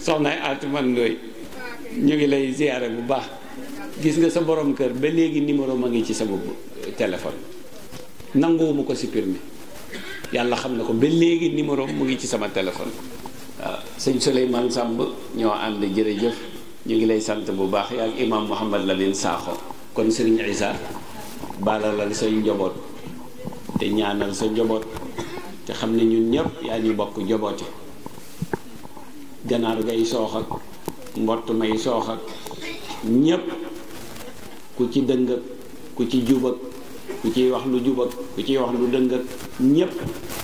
soxna Atuman Ndoye ñu ngi lay ziyaare bu baax gis nga sa boroom kër ba léegi numéro ma ngi ci sa téléphone nanguwuma ko supprimer yàlla xam na ko ba léegi numéro mu ngi ci sama téléphone waaw sëñ Souleymane Samb ñoo ànd jërëjëf ñu ngi lay sant bu baax yaa ak imam Mouhamad Lamine Sakho kon sëriñ Isa baalalal say njaboot te ñaanal sa njaboot te xam ne ñun ñëpp yaa ñu bokk njaboote ganaar ngay sooxak ak mbott may sooxak ak ñépp ku ci dëng ku ci jub ak ku ciy wax lu jub ak ku ciy wax lu dëng ñépp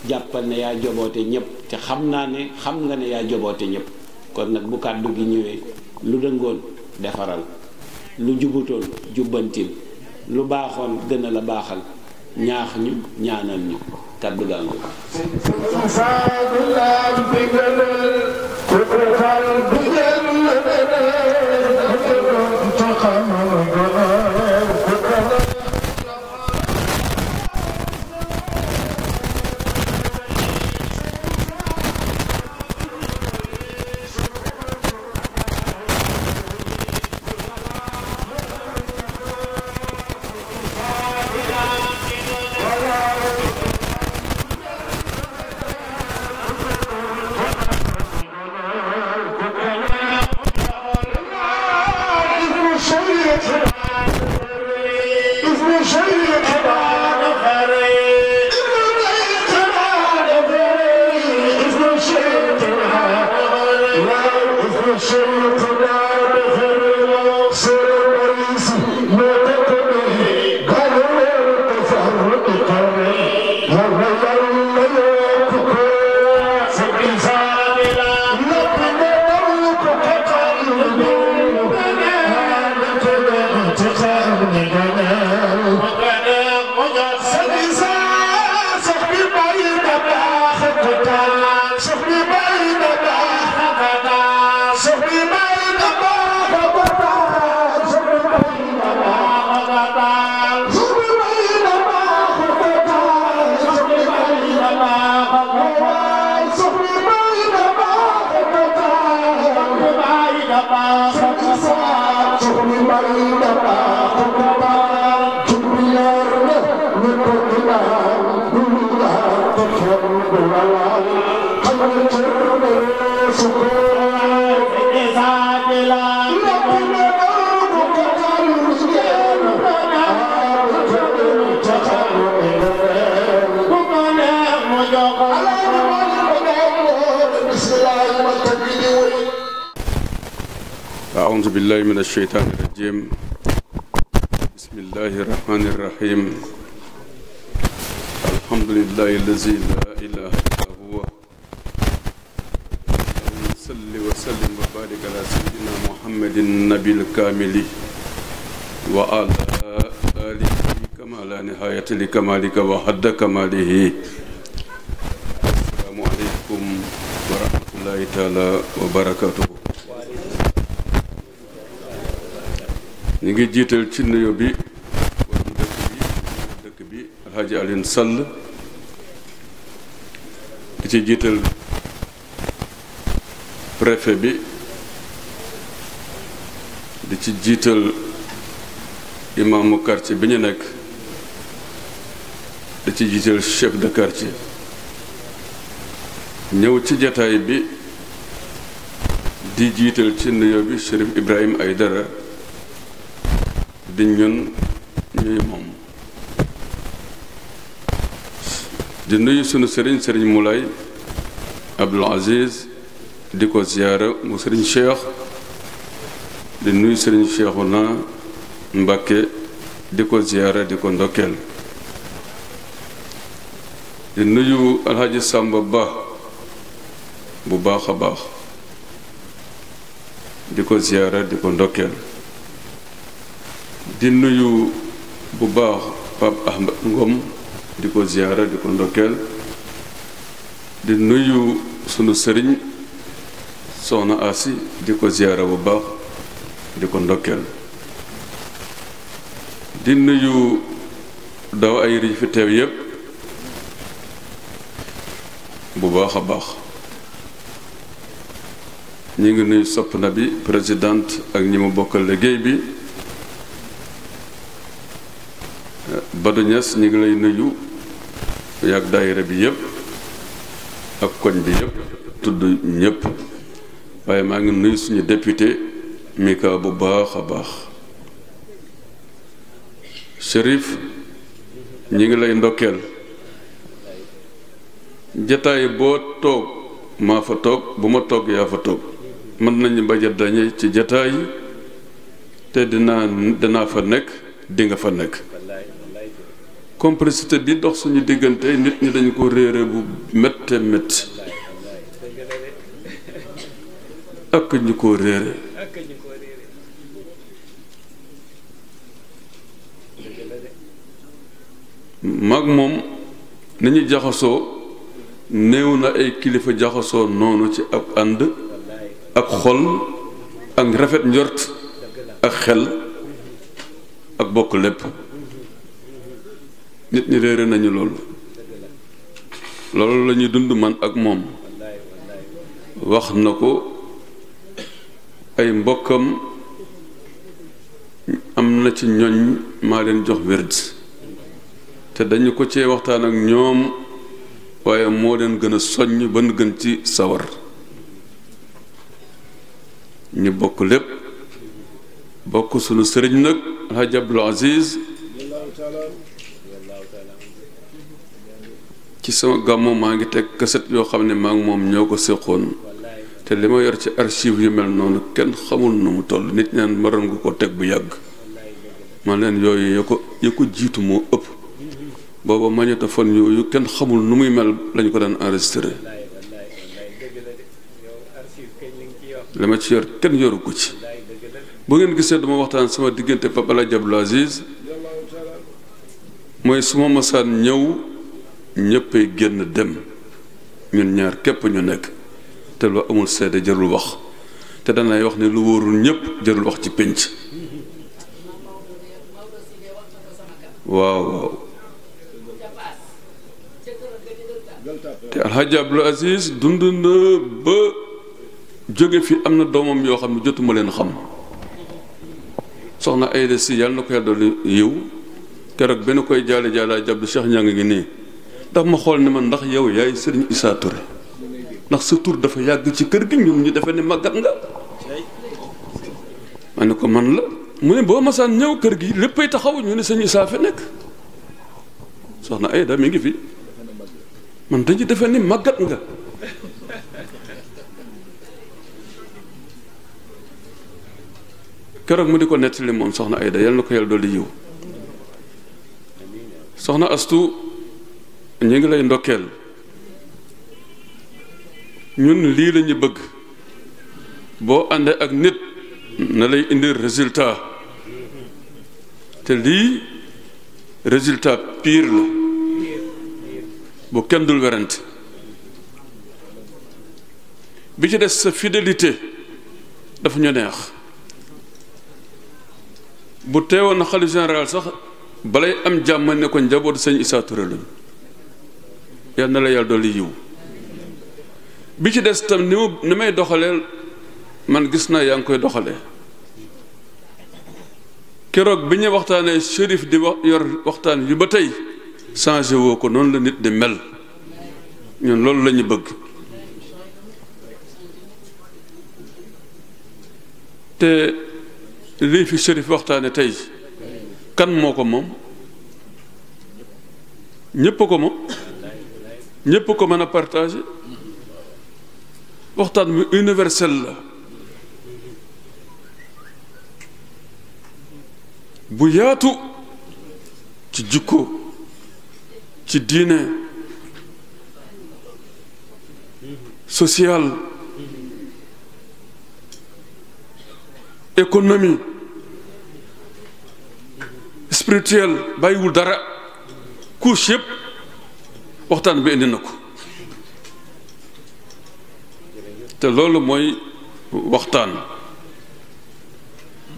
jàppal na yaa joboote ñépp te xam naa ne xam nga ne yaa joboote ñépp kon nag bu kàddu gi ñëwee lu dëngoon defaral lu jubutoon jubbantil lu baaxoon gën a la baaxal ñaax ñu ñaanal ñu kàddu gaa ngi ko بالله من الشيطان الرجيم بسم الله الرحمن الرحيم الحمد لله الذي لا إله إلا هو صل وسلم وبارك على سيدنا محمد النبي الكامل وعلى آله كما لا نهاية لكمالك وحد كماله السلام عليكم ورحمة الله تعالى وبركاته ñu ngi jiital ci nuyo bi borom dëkk bi dëkk bi alxaaji Alioune Sall di ci jiital préfet bi di ci jiital imaamu quartier bi ñu nekk di ci jiital chef de quartier ñëw ci jataay bi di jiital ci nuyo bi Chérif Ibrahim dara di ñun ñuy moom di nuyu sunu sëriñ sëriñ Moulay Abdul Aziz di ko ziyaara mu sëriñ Cheikh di nuyu sëriñ Cheikhouna Mbacké di ko ziyaara di ko ndokkeel di nuyu alxaaji Sàmba Ba bu baax baax di ko ziyaara di ko ndokkeel di nuyu bu baax Pape Ahmed Ngom di ko ziyaara di ko ndokkeel di nuyu sunu sëriñ soxna Asi di ko ziyaara bu baax di ko ndokkeel di nuyu daw ay riñ fi teew yépp bu baax a baax ñu ngi nuyu sopp na bi président ak ñi mu bokkal liggéey bi Badou Niass ñu ngi lay nuyu yàgg daayira bi yëpp ak koñ bi yëpp tudd ñëpp waaye maa ngi nuyu suñu député Mika bu baax a baax Chérif ñi ngi lay ndokkeel jataay boo toog maa fa toog bu ma toog yaa fa toog mën nañu baja dañe ci jataay te dinaa dinaa fa nekk di nga fa nekk complicité bi ndox suñu diggante nit ñi dañu ko réere bu métte métti ak ñu ko réere mag moom ni ñu jaxasoo néew na ay kilifa jaxasoo noonu ci ab ànd ak xol ak rafet njort ak xel ak bokk lépp nit ñi réere nañu loolu loolu lañuy dund man ak moom wax na ko ay mbokkam am na ci ñoñ maa leen jox wérd te dañu ko cee waxtaan ak ñoom waaye moo leen gën a soññ ba nu gën ci sawar ñu bokk lépp bokk sunu sëriñ nag alxaaji Abdul ci sama gàmmu maa ngi teg kaset yoo xam ne maa ngi moom ñoo ko séqoon te li ma yor ci archive yu mel noonu kenn xamul nu mu toll nit ñaan maroon nga ko teg bu yàgg man leen yooyu ya ko ya ko jiitu moo ëpp booba magnétophone yooyu kenn xamul nu muy mel lañu ko daan enregistré li ma ci yor kenn yoru ko ci bu ngeen gisee dama waxtaan sama diggante Papa El Hadj Abdoul Aziz mooy suma mosaan ñëw ñëppay génn dem ñun ñaar képp ñu nekk te lu amul seede jarul wax te danay wax ne lu wóorul ñëpp jarul wax ci pénc waaw waaw te alxaaji Abdul Aziz dund na ba jóge fi am na doomam yoo xam ne jotuma leen xam soxna Ayda Si yàlla na ko yàlla dolli yiw keroog benn koy jaale jaala jàpp Cheikh ñaa ngi nii daf ma xool ne man ndax yow yaay Serigne Issa Touré ndax sa tur dafa yàgg ci kër gi ñun ñu defee ne màggat nga ma ne ko man la mu ne boo masaan ñëw kër gi léppay taxaw ñu ne Serigne Issa fi nekk soxna Aida mi ngi fi man dañu defe ni màggat nga keroog mu di ko nettali moom soxna Aida yal na ko yàlla dolli yiw soxna astu ñu ngi lay ndokkeel ñun lii lañu bëgg boo àndee ak nit na lay indi résultat te lii résultat pire la bu kenn dul werante bi ci des sa fidélité dafa ñu neex bu teewoon xalifa général sax balay am jàmm ne ko njaboot sëñ Issa Touré yal na la yàlla dolli yiw bi ci des tam ni mu ni may doxalee man gis naa yaa ngi koy doxale keroog bi ñu waxtaanee shérif di wax yor waxtaan yu ba tey changé woo ko noonu la nit di mel ñun loolu la ñu bëgg te lii fi shérif waxtaane tey kan moo ko moom ñépp ko moom ñépp ko mën a partager waxtaan bi universel la bu yaatu ci jikko ci diine social économie spirituelle bàyyiwul dara couche yépp waxtaan bi indi na ko te loolu mooy waxtaan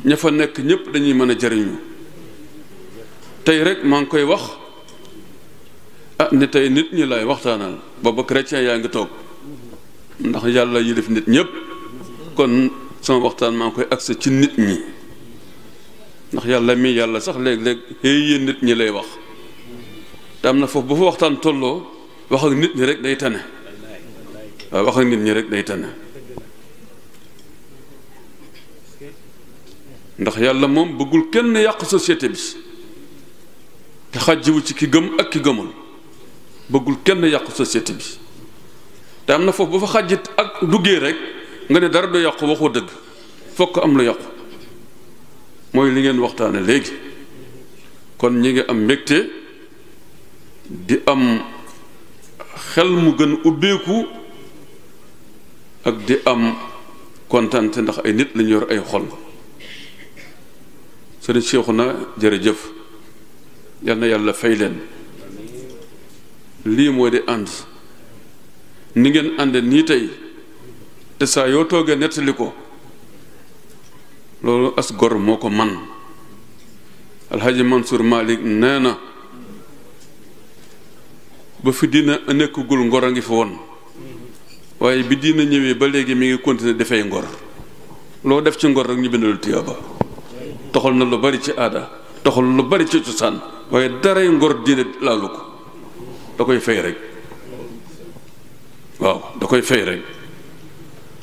ña fa nekk ñépp dañuy mën a jariñu tey rek maa ngi koy wax a ah, ne tey nit ñi lay waxtaanal booba chrétien yaa ngi toog ndax yàlla yi def nit ñépp kon sama waxtaan maa ngi koy accès ci nit ñi ndax yàlla mi yàlla sax léeg-léeg xëy yéen nit ñi lay wax te am na foofu ba fa waxtaan tolloo wax ak nit ñi rek day tane waaw wax ak nit ñi rek day tane ndax yàlla moom bëggul kenn yàq societé bi te xàjjiwu ci ki gëm ak ki gëmul bëggul kenn yàq société bi dam na foofu bu fa xàjjit ak duggee rek nga ne dara du yàqu waxoo dëgg fokk am lu yàqu mooy li ngeen waxtaane léegi kon ñu ngi am mbégte di am xel mu gën ubbeeku ak di am kontante ndax ay nit lañu yor ay xol sëriñ Seexuna jërëjëf yal na yàlla fay leen lii moo di ànd ni ngeen ànd nii tey te saa yoo toogee nettali ko loolu as moo ko man alxaaji Mansour Malick nee na ba fi diina nekkagul ngor a ngi fi woon waaye bi diina ñëwee ba léegi mi ngi continuer dafay ngor loo def ci ngor rek ñu bindal tiyaaba toxal na lu bari ci aada toxal lu bari ci cosaan waaye daray ngor diina laalu ko da koy fay rek waaw da koy fay rek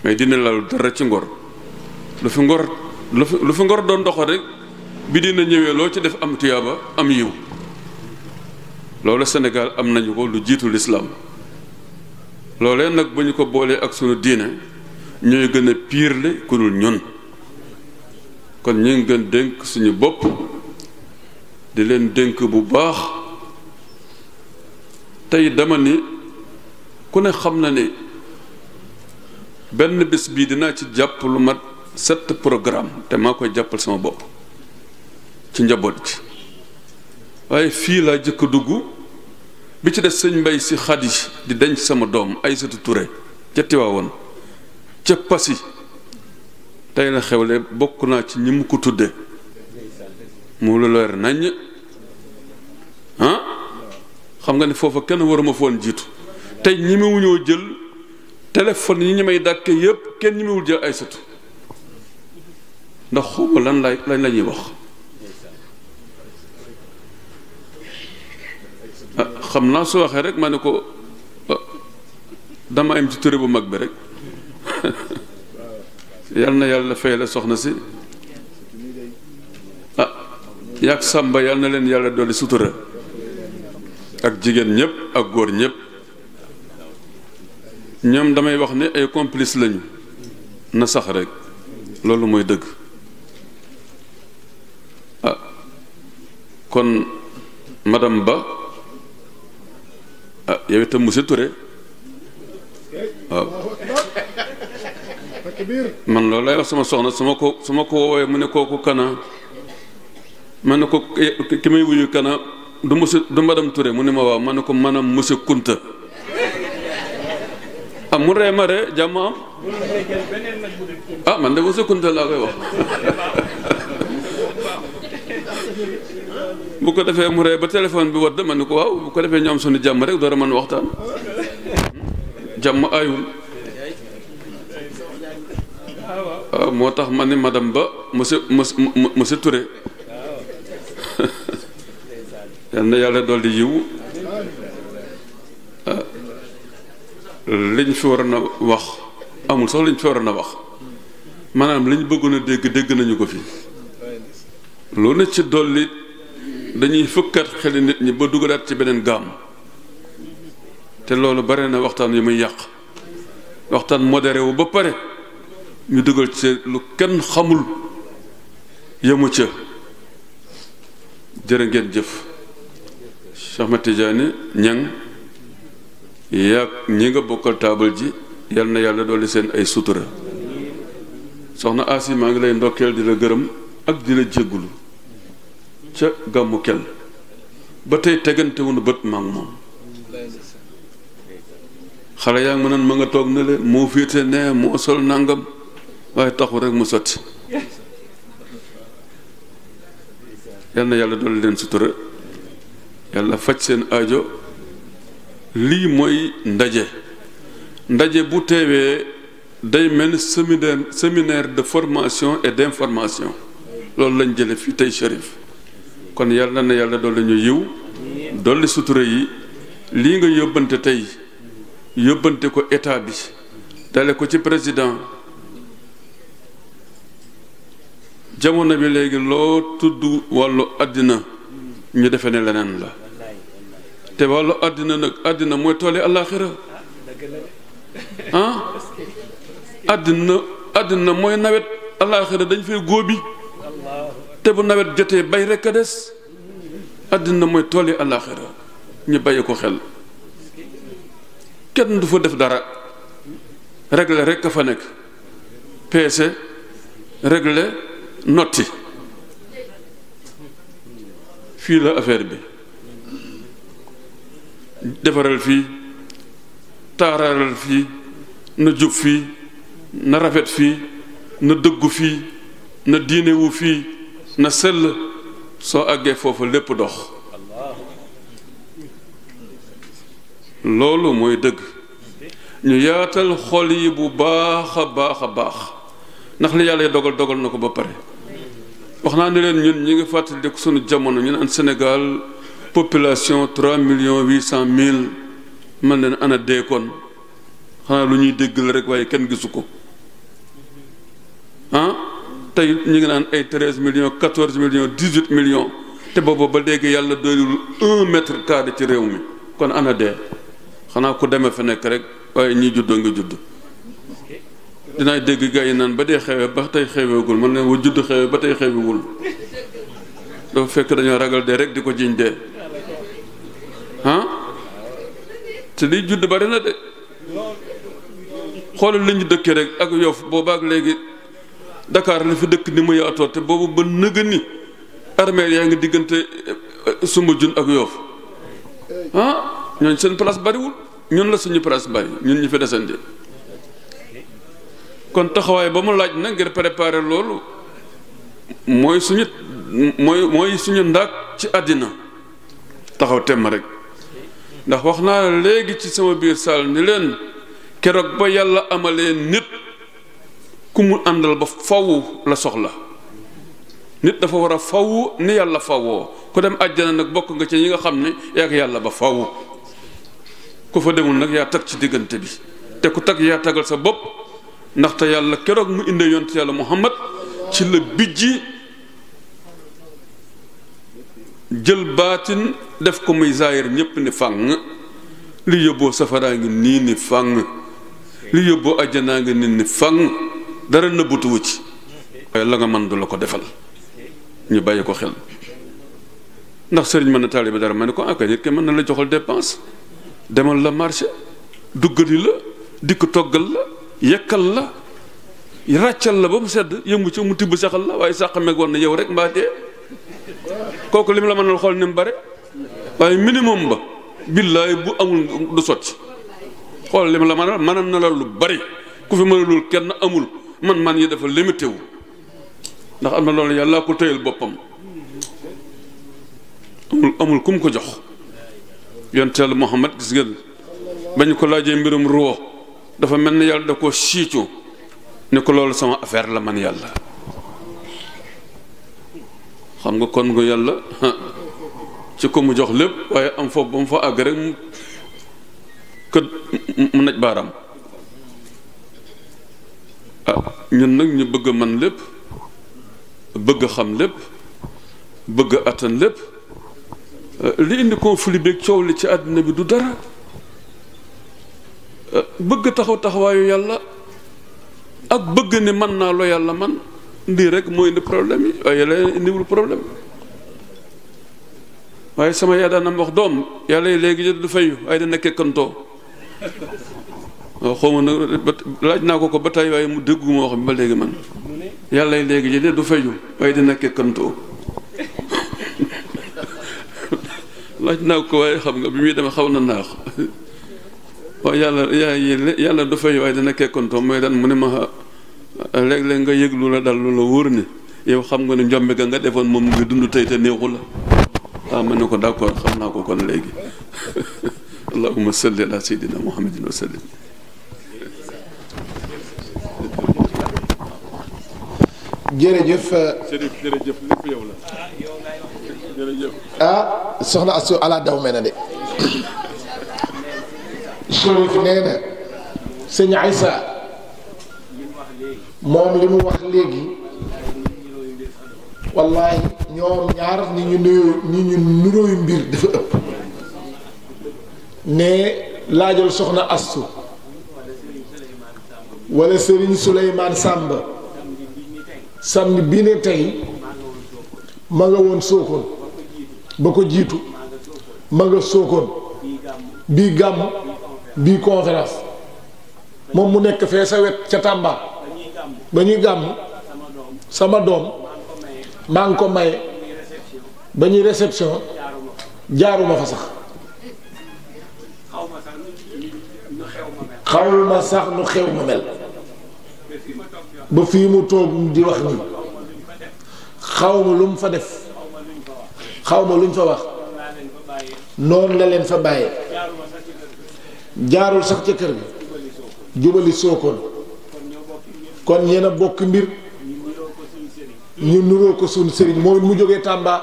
mais diina laalu dara ci ngor lu fi ngor lu fi ngor doon doxal rek bi diina ñëwee loo ci def am tiyaaba am yiw loolu Sénégal am nañu ko lu jiitu lislaam loolee nag bu ñu ko boolee ak sunu diine ñooy gën a piir li ku dul ñun kon ñu ngi gën dénk suñu bopp di leen dénk bu baax tey dama ni ku ne xam na ni benn bés bii dinaa ci jàpp lu mat sept programme te maa koy jàppal sama bopp ci njaboot ji waaye fii laa jëkk dugg bi ci des sëñ mbay si xadi di denc sama doom Aysatu Ture ca Tiwaawoon ca Passy tey la xewle bokk naa ci ñi mu ko tudde mu lu leer naññ ah xam nga ne foofa kenn waruma foon jiitu tey ñimewuñoo jël téléphone yi ñu may dàkke yépp kenn ñi muwul jël Aysatu ndax xawma lan lay lan la ñuy wax xam naa su waxee rek ma ne ko ah, dama am ci turé bu mag bi rek yal na yàlla fay la soxna si ah yàgg sàmba yal na leen yàlla dolli sutura ak jigéen ñépp ak góor ñëpp ñoom damay wax ni ay complice lañu na sax rek loolu mooy dëgg ah, kon madame Ba ah yow itam monsieur Touré waaw man loolu lay wax soxna su ko su ma ko woowee mu ne kooku kana man ne ko eh, ki may wuyu kana du monsieur du madame Touré mu ne ma waaw man ne ko maanaam monsieur Kunta ah mu ree ma ree jàmm am ah, man de monsieur Kunta laa koy wax bu ko defee mu ree ba téléphone bi war dama ni ko waaw bu ko defee ñoom suñu jàmm rek door a mën waxtaan jàmm ayul waaw ah, moo tax ma ni madame ba monsieur monsieur Touré yal na yàlla dolli yiw ah, liñ fi waroon a wax amul sax liñ fi waroon a wax maanaam liñ bëggoon dégg dégg nañu ko fi lu ne ci dolli dañuy fëkkat xeli nit ñi ba dugalaat ci beneen gaam te loolu bare na waxtaan yu muy yàq waxtaan modéré wu ba pare ñu dugal ci lu kenn xamul yemu ca jërë ngeen jëf Cheikh Ahmed Tidiane Niang yaa ñi nga bokkal taabal ji yal na yàlla dolli seen ay sutura soxna Asi maa ngi lay ndokkeel di la gërëm ak di la jéggulu ca gàmmu kenn ba tey tegante wuñu bët maag moom xale yaa ngi ma naan ma nga toog ne le moo féete ne moo sol nangam waaye taxu rek mu sotti yal na yàlla dolli leen sutura yàlla faj seen ajo lii mooy ndaje ndaje bu teewee day mel séminaire séminaire de formation et d'information loolu lañ jële fii tey Chérif kon yàlla na yàlla dolli ñu yiw dolli sutura yi lii nga yóbbante tey yóbbante ko état bi dale ko ci président jamono bi léegi loo tudd wàllu àddina ñu defe ne leneen la te wàllu àddina nag àddina mooy toole àllaaxira ah àddina àddina mooy nawet àllaaxira dañ fay góobi te bu nawet jotee bay rekk a des àddina mooy tool yi àllaaxira ñu bàyyi ko xel kenn du fa def dara regle rekk a fa nekk peese regle notti fii la affaire bi defaral fii taaraaral fii na jub fii na rafet fii na dëggu fii na diinewu fii na sëll soo àggee foofu lépp dox loolu mooy dëgg ñu yaatal xol yi bu baaxa a baax a baax ndax li yàlla dogal dogal na ko ba pare wax naa ne leen ñun ñu ngi fàttaliku sunu jamono ñu naan Sénégal population trois millions huit cent mille man leen ana deekoon xanaa lu ñuy dégg la rek waaye kenn gisu ko tey ñu ngi naan ay treize million quatorze millions dix huit millions te boobu ba léegi yàlla doyul un mètre carré ci réew mi kon ana dee xanaa ku demee fa nekk rek waaye ñii juddoo nga judd dinaa dégg gars yi naan ba dee xewee ba tey xeweegul man ne wa judd xewee ba tey xewewul dafa fekk dañoo ragal dee rek di ko jiñ dee ah te liy judd bari na de xoolal li ñu dëkkee rek ak yof boobaak léegi Dakar li fi dëkk ni mu yaatoo te boobu ba nëgë ni armeel yaa ngi diggante eh, suma jun ak yoof ah ñooñ seen place bariwul ñun la suñu place bari ñun ñu fi desandi kon taxawaay ba mu laaj na ngir préparer loolu mooy suñu mooy suñu ndaag ci àddina taxaw temm rek ndax wax naa léegi ci sama biir saal ni leen keroog ba yàlla amalee nit ku mu àndal ba faw la soxla nit dafa war a faw ni yàlla fawoo ku dem àjjana nag bokk nga ci ñi nga xam ne yaak yàlla ba faw ku fa demul nag yaa tag ci diggante bi te ku tag yaa tagal sa bopp ndaxte yàlla keroog mu inde yonent yàlla muhammad ci la bijji jël baatin def ko muy zaayir ñépp ni fàng li yóbboo safaraa ngi nii ni fàng li yóbboo àjjanaa ngi nii ni fàng dara nëbbutuwu ci waaye la nga mën du la ko defal ñu bàyyi ko xel ndax sëriñ mën na taaliba dara ma ne ko aka ah, nit ki mën na la joxal dépense demal la marché duggali la dikk toggal la yekkal la ràccal la ba mu sedd yëngu ci mu tibb saxal la waaye sax xamee woon na yow rek mbaa dee kooku lim la mënal xool ni mu bare waaye minimum ba billaay bu amul du sotti xool lim la mënal mënal na la lu bari ku fi mënalul kenn amul man man yi dafa limité ndax am na loolu yàlla ko tëyal boppam amul amul kum ko jox yonteel Muhammad gis ngeen bañ ko laajee mbirum ruwo dafa mel ni yàlla da ko siicu ne ko loolu sama affaire la man yàlla xam nga kon nga yàlla ci ko mu jox lépp waaye am foofu ba mu fa àgg rek mu naj baaraam ah ñun nag ñu bëgg man lépp bëgg xam lépp bëgg a lépp euh, li indi conflit beeg coow li ci àddina bi du dara euh, bëgg taxaw taxawaayu yàlla ak bëgg ne man naa loo yàlla man lii rek moo indi problème yi waaye yàlla indiwul problème waaye sama yaa daanam wax doom yàlla léegi du fayu ay dana kekkantoo waaw xaw ma nag laaj naa ko ko ba tey waaye mu déggu moo ba léegi man yàlla léegi ji de du fayu waaye dina kekkantoo laaj naa ko waaye xam nga bi muy demee xaw na naax waaw yàlla yaay yàlla du fayu waaye dina kekkantoo mooy dan mu ne ma léeg-léeg nga yëg la dal lu la wóor ne yow xam nga ne njombe ga nga defoon moom mu dund tey te neexu la waaw ah, mën na ko d'accord xam naa ko kon léegi allahumma salli ala sayyidina xam wa sallim jërëjëf. Euh, Chérif jërëjëf lépp yow la. jërëjëf. ah soxna Astou ala daw mel na de. Chérif nee na. sëñ Aïssa. moom li mu wax léegi. wallaay ñoom ñaar ni ñu nurooyu mbir dafa ëpp. ne laajal soxna astu wala Serigne Souleymane Samba. samedi bii ne tey ma nga woon sookoon ba ko jiitu ma nga sookoon bii gàmm bii conférence moom mu nekk fee sa wet ca Tàmba ba ñuy gàmm sama doom maa ngi ko maye ba ñuy réception jaaruma fa sax xawma sax nu xew ma mel ba fii mu toog di wax nii xaw ma lu mu fa def xaw ma lu ñu fa wax noonu la leen fa bàyyee jaarul sax ca kër gi jubali sookoon kon yéen a bokk mbir ñu nuroo ko suñu sëriñ moom mu jógee Tàmba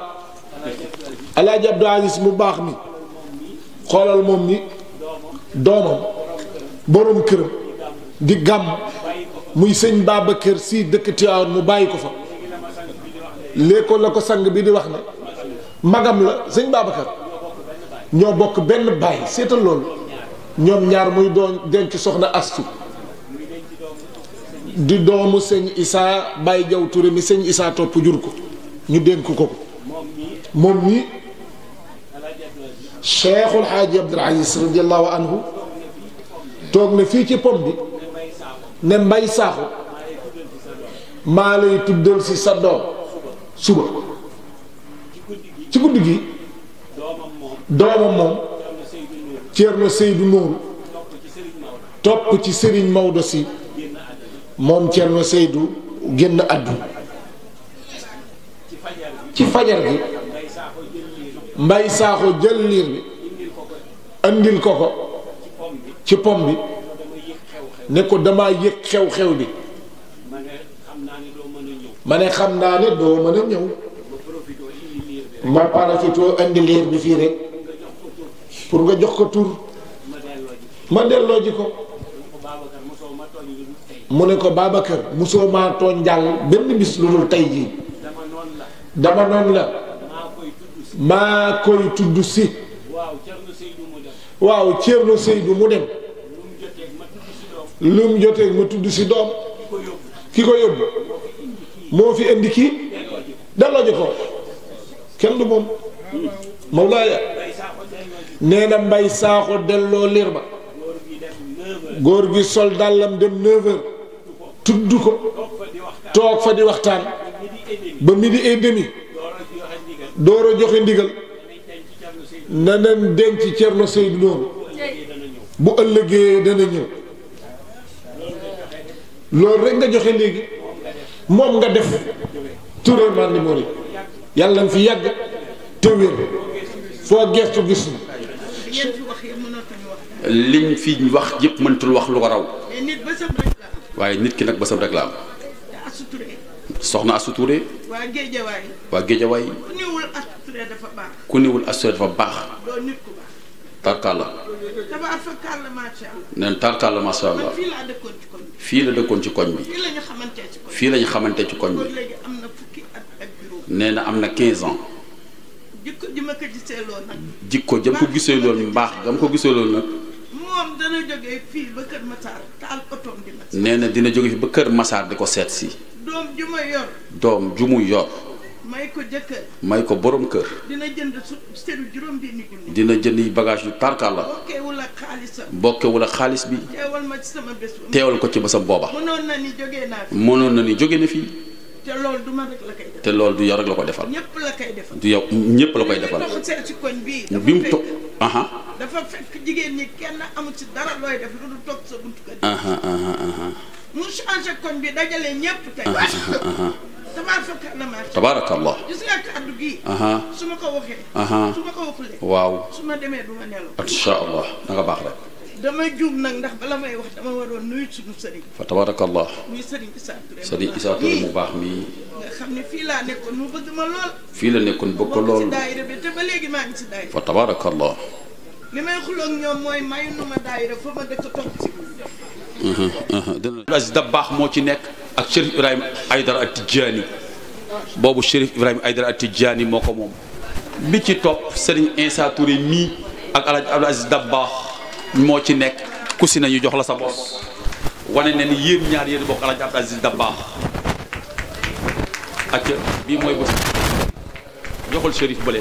Alaaji Abdou Aziz mu baax mi xoolal moom ni doomam borom këram di gàmm muy sëñ Babacar si dëkk Tiwaawan mu bàyyi ko fa léegi la ko sang bi di wax ne magam la sëñ Babacar ñoo bokk benn bàyyi seetal loolu ñoom ñaar muy doon denc soxna astu di doomu sëñ Issa Baye Jaw Touré mi sëñ Issa topp jur ko ñu dénk ko ko moom ñi Cheikhul Xaaji Abdul Aziz radiallahu anhu toog na fii ci pom bi ne mbay saaxu maa lay tuddal si sa doom suba ci guddi gi doomam moom Ceerno Seydou Nourou topp ci Serigne Maodo si moom Ceerno Seydou génn àdduna ci fajar gi mbay saaxu jël liir bi andil ko ko ci pom bi ne ko damaa yëg xew-xew bi ma ne xam naa ne doo mën a ñëw ma parafitoo indi liir bi fii rek pour nga jox ko tur ma delloo ji ko mu ne ko Babacar mosoo maa tooñ jàll benn bis lu dul tey jii dama noonu la maa koy tudd si waaw Thierno Seydou mu dem. lu mu jotee ma tudd si doom ki ko yóbbu moo fi indi kii delloo ji ko kenn du moom Mawlaaya nee na mbay saaxo delloo liir ba góor gi sol dàllam dem 9h tudd ko toog fa di waxtaan ba midi et demi door a joxe ndigal na nen denc Cerno Seydou noonu bu ëllëgee dana ñëw. loolu rek nga joxe léegi moom nga def Touré Mandi Mori yàlla na fi yàgg te wér foo gestu gis liñ fi wax yépp mënatul wax lu ko raw waaye nit ki nag bësam rek la am soxna Astou Touré waa Géejawaay ku niwul Astou Touré dafa baax tarkalla neen tarkalla macha allah fii la dëkkoon ci koñ bi fii lañu xamante ci koñ bi nee na am na 15 ans jikko ji ko gisee lool nag jikko jëm ko mbaax gam ko gisee lool nag moom nee na dina jóge fii ba kër Masaar di ko seet si doom ju yor doom ju yor may ko jëkkër. may ko borom kër. dina jënd seetu bagage yu tarkaal la. bokkewul xaalis bi. teewal ma ci sama bés. teewal ko ci bésam booba. mënoon na ni jógee naa fi. na ni jógee na fii. te loolu du ma rek la ko defal. ñëpp la koy defal. du yow ñëpp la koy defal. bi mu toog dafa fekk jigéen ñi kenn amul ci dara looy def lu dul toog sa buntu kër. mu changé koñ bi dajale ñëpp tey. tabaarakallah waaw su ma demee du insha allah na baax rek dama juum nag ndax bala may wax dama waroon nuyu suñu sëriñ fa tabaarakallah sëriñ Issa mu baax mii nga xam ne fii laa nekkoon mu bëgg ma lool fii la nekkoon bëgg ko lool te ba léegi maa ngi si daayira fa baax moo ci nekk ak Chérif Ibrahima Aydara ak Tidjani boobu Chérif Ibrahima Aydara ak Tidjani moo ko moom bi ci topp Serigne Insa Touré mii ak El Hadj Abdou Aziz Dabakh moo ci nekk ku si nañu jox la sa bos wane ne ni yéen ñaar yéen bokk El Hadj Abdou Aziz Dabakh ak bii mooy bés joxul Chérif bële.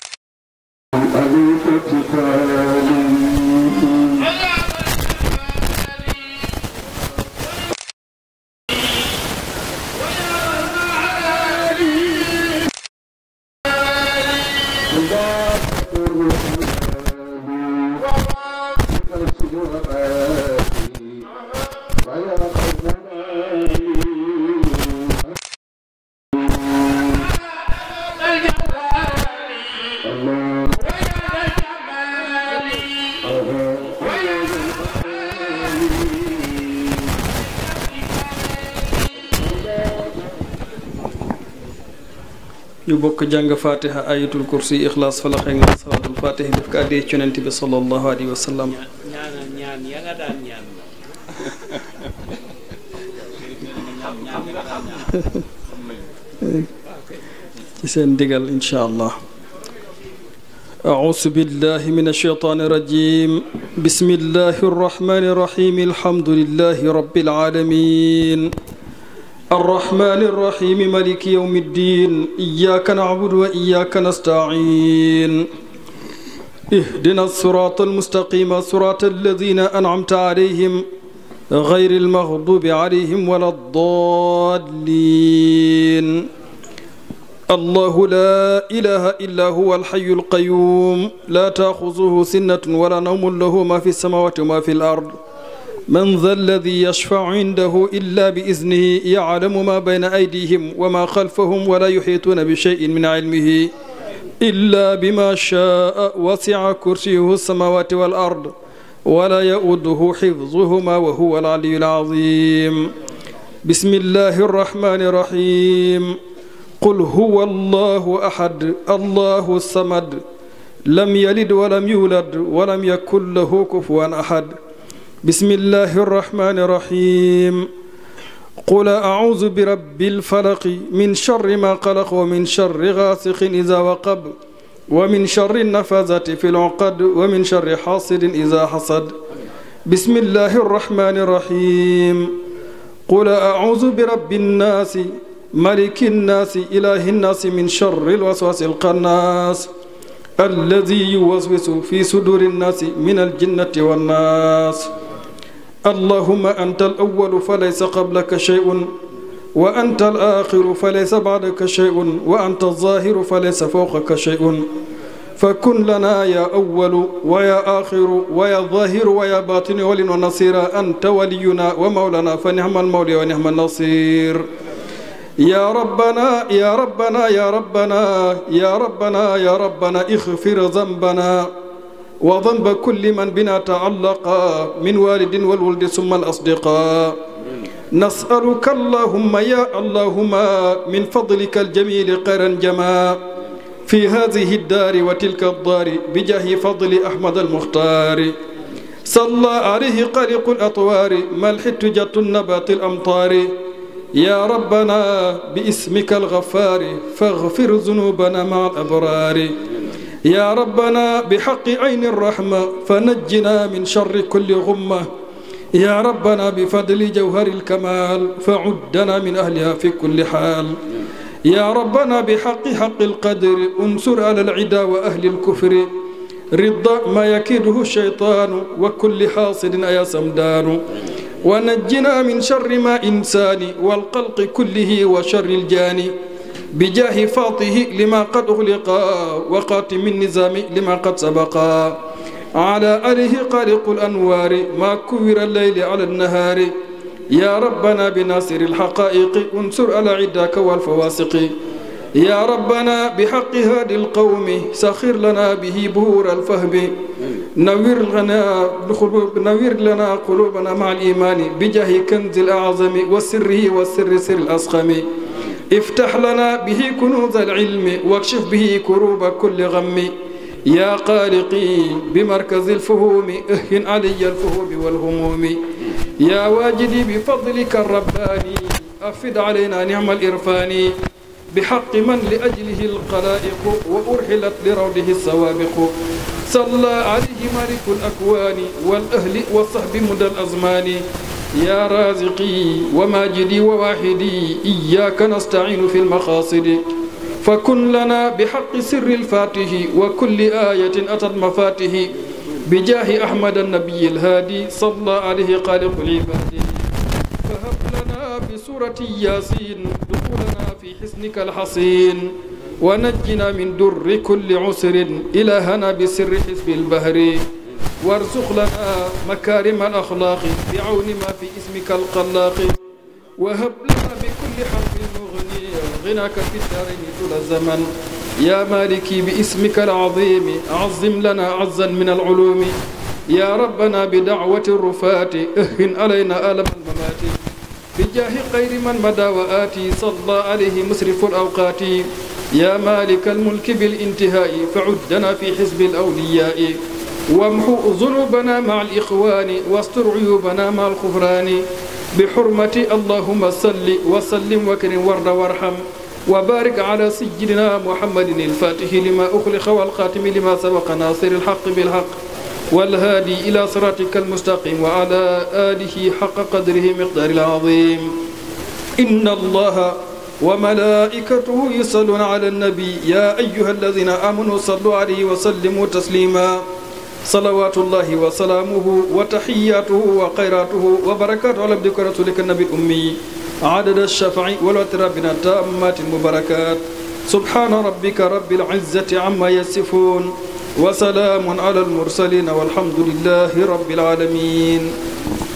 jàng fatiha ayatul kursi ixlaas falaq ak naas salaatul fatiha def ko àddee ci yonent bi sallallahu alayhi wa sallam ci seen digal incha allah أعوذ بالله من الشيطان الرجيم بسم الله الرحمن الرحيم الحمد لله رب العالمين الرحمن الرحيم مالك يوم الدين إياك نعبد وإياك نستعين اهدنا الصراط المستقيم صراط الذين أنعمت عليهم غير المغضوب عليهم ولا الضالين الله لا إله إلا هو الحي القيوم لا تأخذه سنة ولا نوم له ما في السماوات وما في الأرض من ذا الذي يشفع عنده إلا بإذنه يعلم ما بين أيديهم وما خلفهم ولا يحيطون بشيء من علمه إلا بما شاء وسع كرسيه السماوات والأرض ولا يؤده حفظهما وهو العلي العظيم بسم الله الرحمن الرحيم قل هو الله أحد الله الصمد لم يلد ولم يولد ولم يكن له كفوا أحد بسم الله الرحمن الرحيم قل أعوذ برب الفلق من شر ما قلق ومن شر غاسق إذا وقب ومن شر النفاذات في العقد ومن شر حاسد إذا حسد بسم الله الرحمن الرحيم قل أعوذ برب الناس ملك الناس إله الناس من شر الوسواس القناس الذي يوسوس في صدور الناس من الجنة والناس allahuma anta al awalu fa laysa qablaka cheyun wa anta al axiru fa laysa baadaka cheyun wa anta alzahiru fa laysa fawqaka cheyun fa kun lana ya awalu wa ya axiru wa ya zahiru wa ya batinu walin wa nasira anta waliyuna wa mawlana fa nihma almawli wa nihma nasir يا ربنا يا ربنا يا ربنا يا ربنا يا ربنا اغفر ذنبنا وذنب كل من بنا تعلق من والد والولد ثم الأصدقاء نسألك اللهم يا اللهم من فضلك الجميل خيرا جما في هذه الدار وتلك الدار بجاه فضل أحمد المختار صلى عليه قلق الأطوار ملح تجة النبات الأمطار يا ربنا باسمك الغفار فاغفر ذنوبنا مع الأبرار يا ربنا بحق عين الرحمة فنجنا من شر كل غمة يا ربنا بفضل جوهر الكمال فعدنا من أهلها في كل حال يا ربنا بحق حق القدر انصر على العدا وأهل الكفر رضا ما يكيده الشيطان وكل حاصد يا سمدان ونجنا من شر ما إنسان والقلق كله وشر الجاني بجاه فاطه لما قد أغلقا وقاتم النظام لما قد سبقا على آله قارق الأنوار ما كور الليل على النهار يا ربنا بناصر الحقائق انصر على عداك والفواسق يا ربنا بحق هادي القوم سخر لنا به بهور الفهم نوير لنا نوير لنا قلوبنا مع الإيمان بجاه كنز الأعظم وسره وسر سر الأسخم افتح لنا به كنوز العلم واكشف به كروب كل غم يا قالقي بمركز الفهوم اهن علي الفهوم والهموم يا واجدي بفضلك الرباني أفد علينا نعم الإرفان بحق من لأجله القلائق وأرحلت لروضه السوابق صلى عليه مالك الأكوان والأهل والصحب مدى الأزمان يا رازقي وماجدي وواحدي إياك نستعين في المقاصد فكن لنا بحق سر الفاتح وكل آية أتت مفاته بجاه أحمد النبي الهادي صلى عليه خالق العباد فهب لنا بسورة ياسين دخولنا في حسنك الحصين ونجنا من در كل عسر إلهنا بسر حزب البهر وارزق لنا مكارم الأخلاق بعون ما في اسمك القلاق وهب لنا بكل حرف مغني غناك في الدارين طول الزمن يا مالكي باسمك العظيم عظم لنا عزا من العلوم يا ربنا بدعوة الرفات اهن علينا ألم الممات بجاه خير من مدى وآتي صلى عليه مسرف الأوقات يا مالك الملك بالانتهاء فعدنا في حزب الأولياء وامحو ذنوبنا مع الإخوان واستر عيوبنا مع الغفران بحرمة اللهم صل وسلم وكرم وارض وارحم وبارك على سيدنا محمد الفاتح لما أخلق والخاتم لما سبق ناصر الحق بالحق والهادي إلى صراطك المستقيم وعلى آله حق قدره مقدار العظيم إن الله وملائكته يصلون على النبي يا أيها الذين آمنوا صلوا عليه وسلموا تسليماً salawaatullahi wa salaamuhu wa taxiyaatuhu wa xayraatuhu wa barakaatu ala abdika rasulika nabi ummi adada shafai walwati rabbina taammaati mubarakat subhaana rabbika rabbil izzati amma yasifuun wa salaamun ala almursalin walhamdulillahi rabbil alamin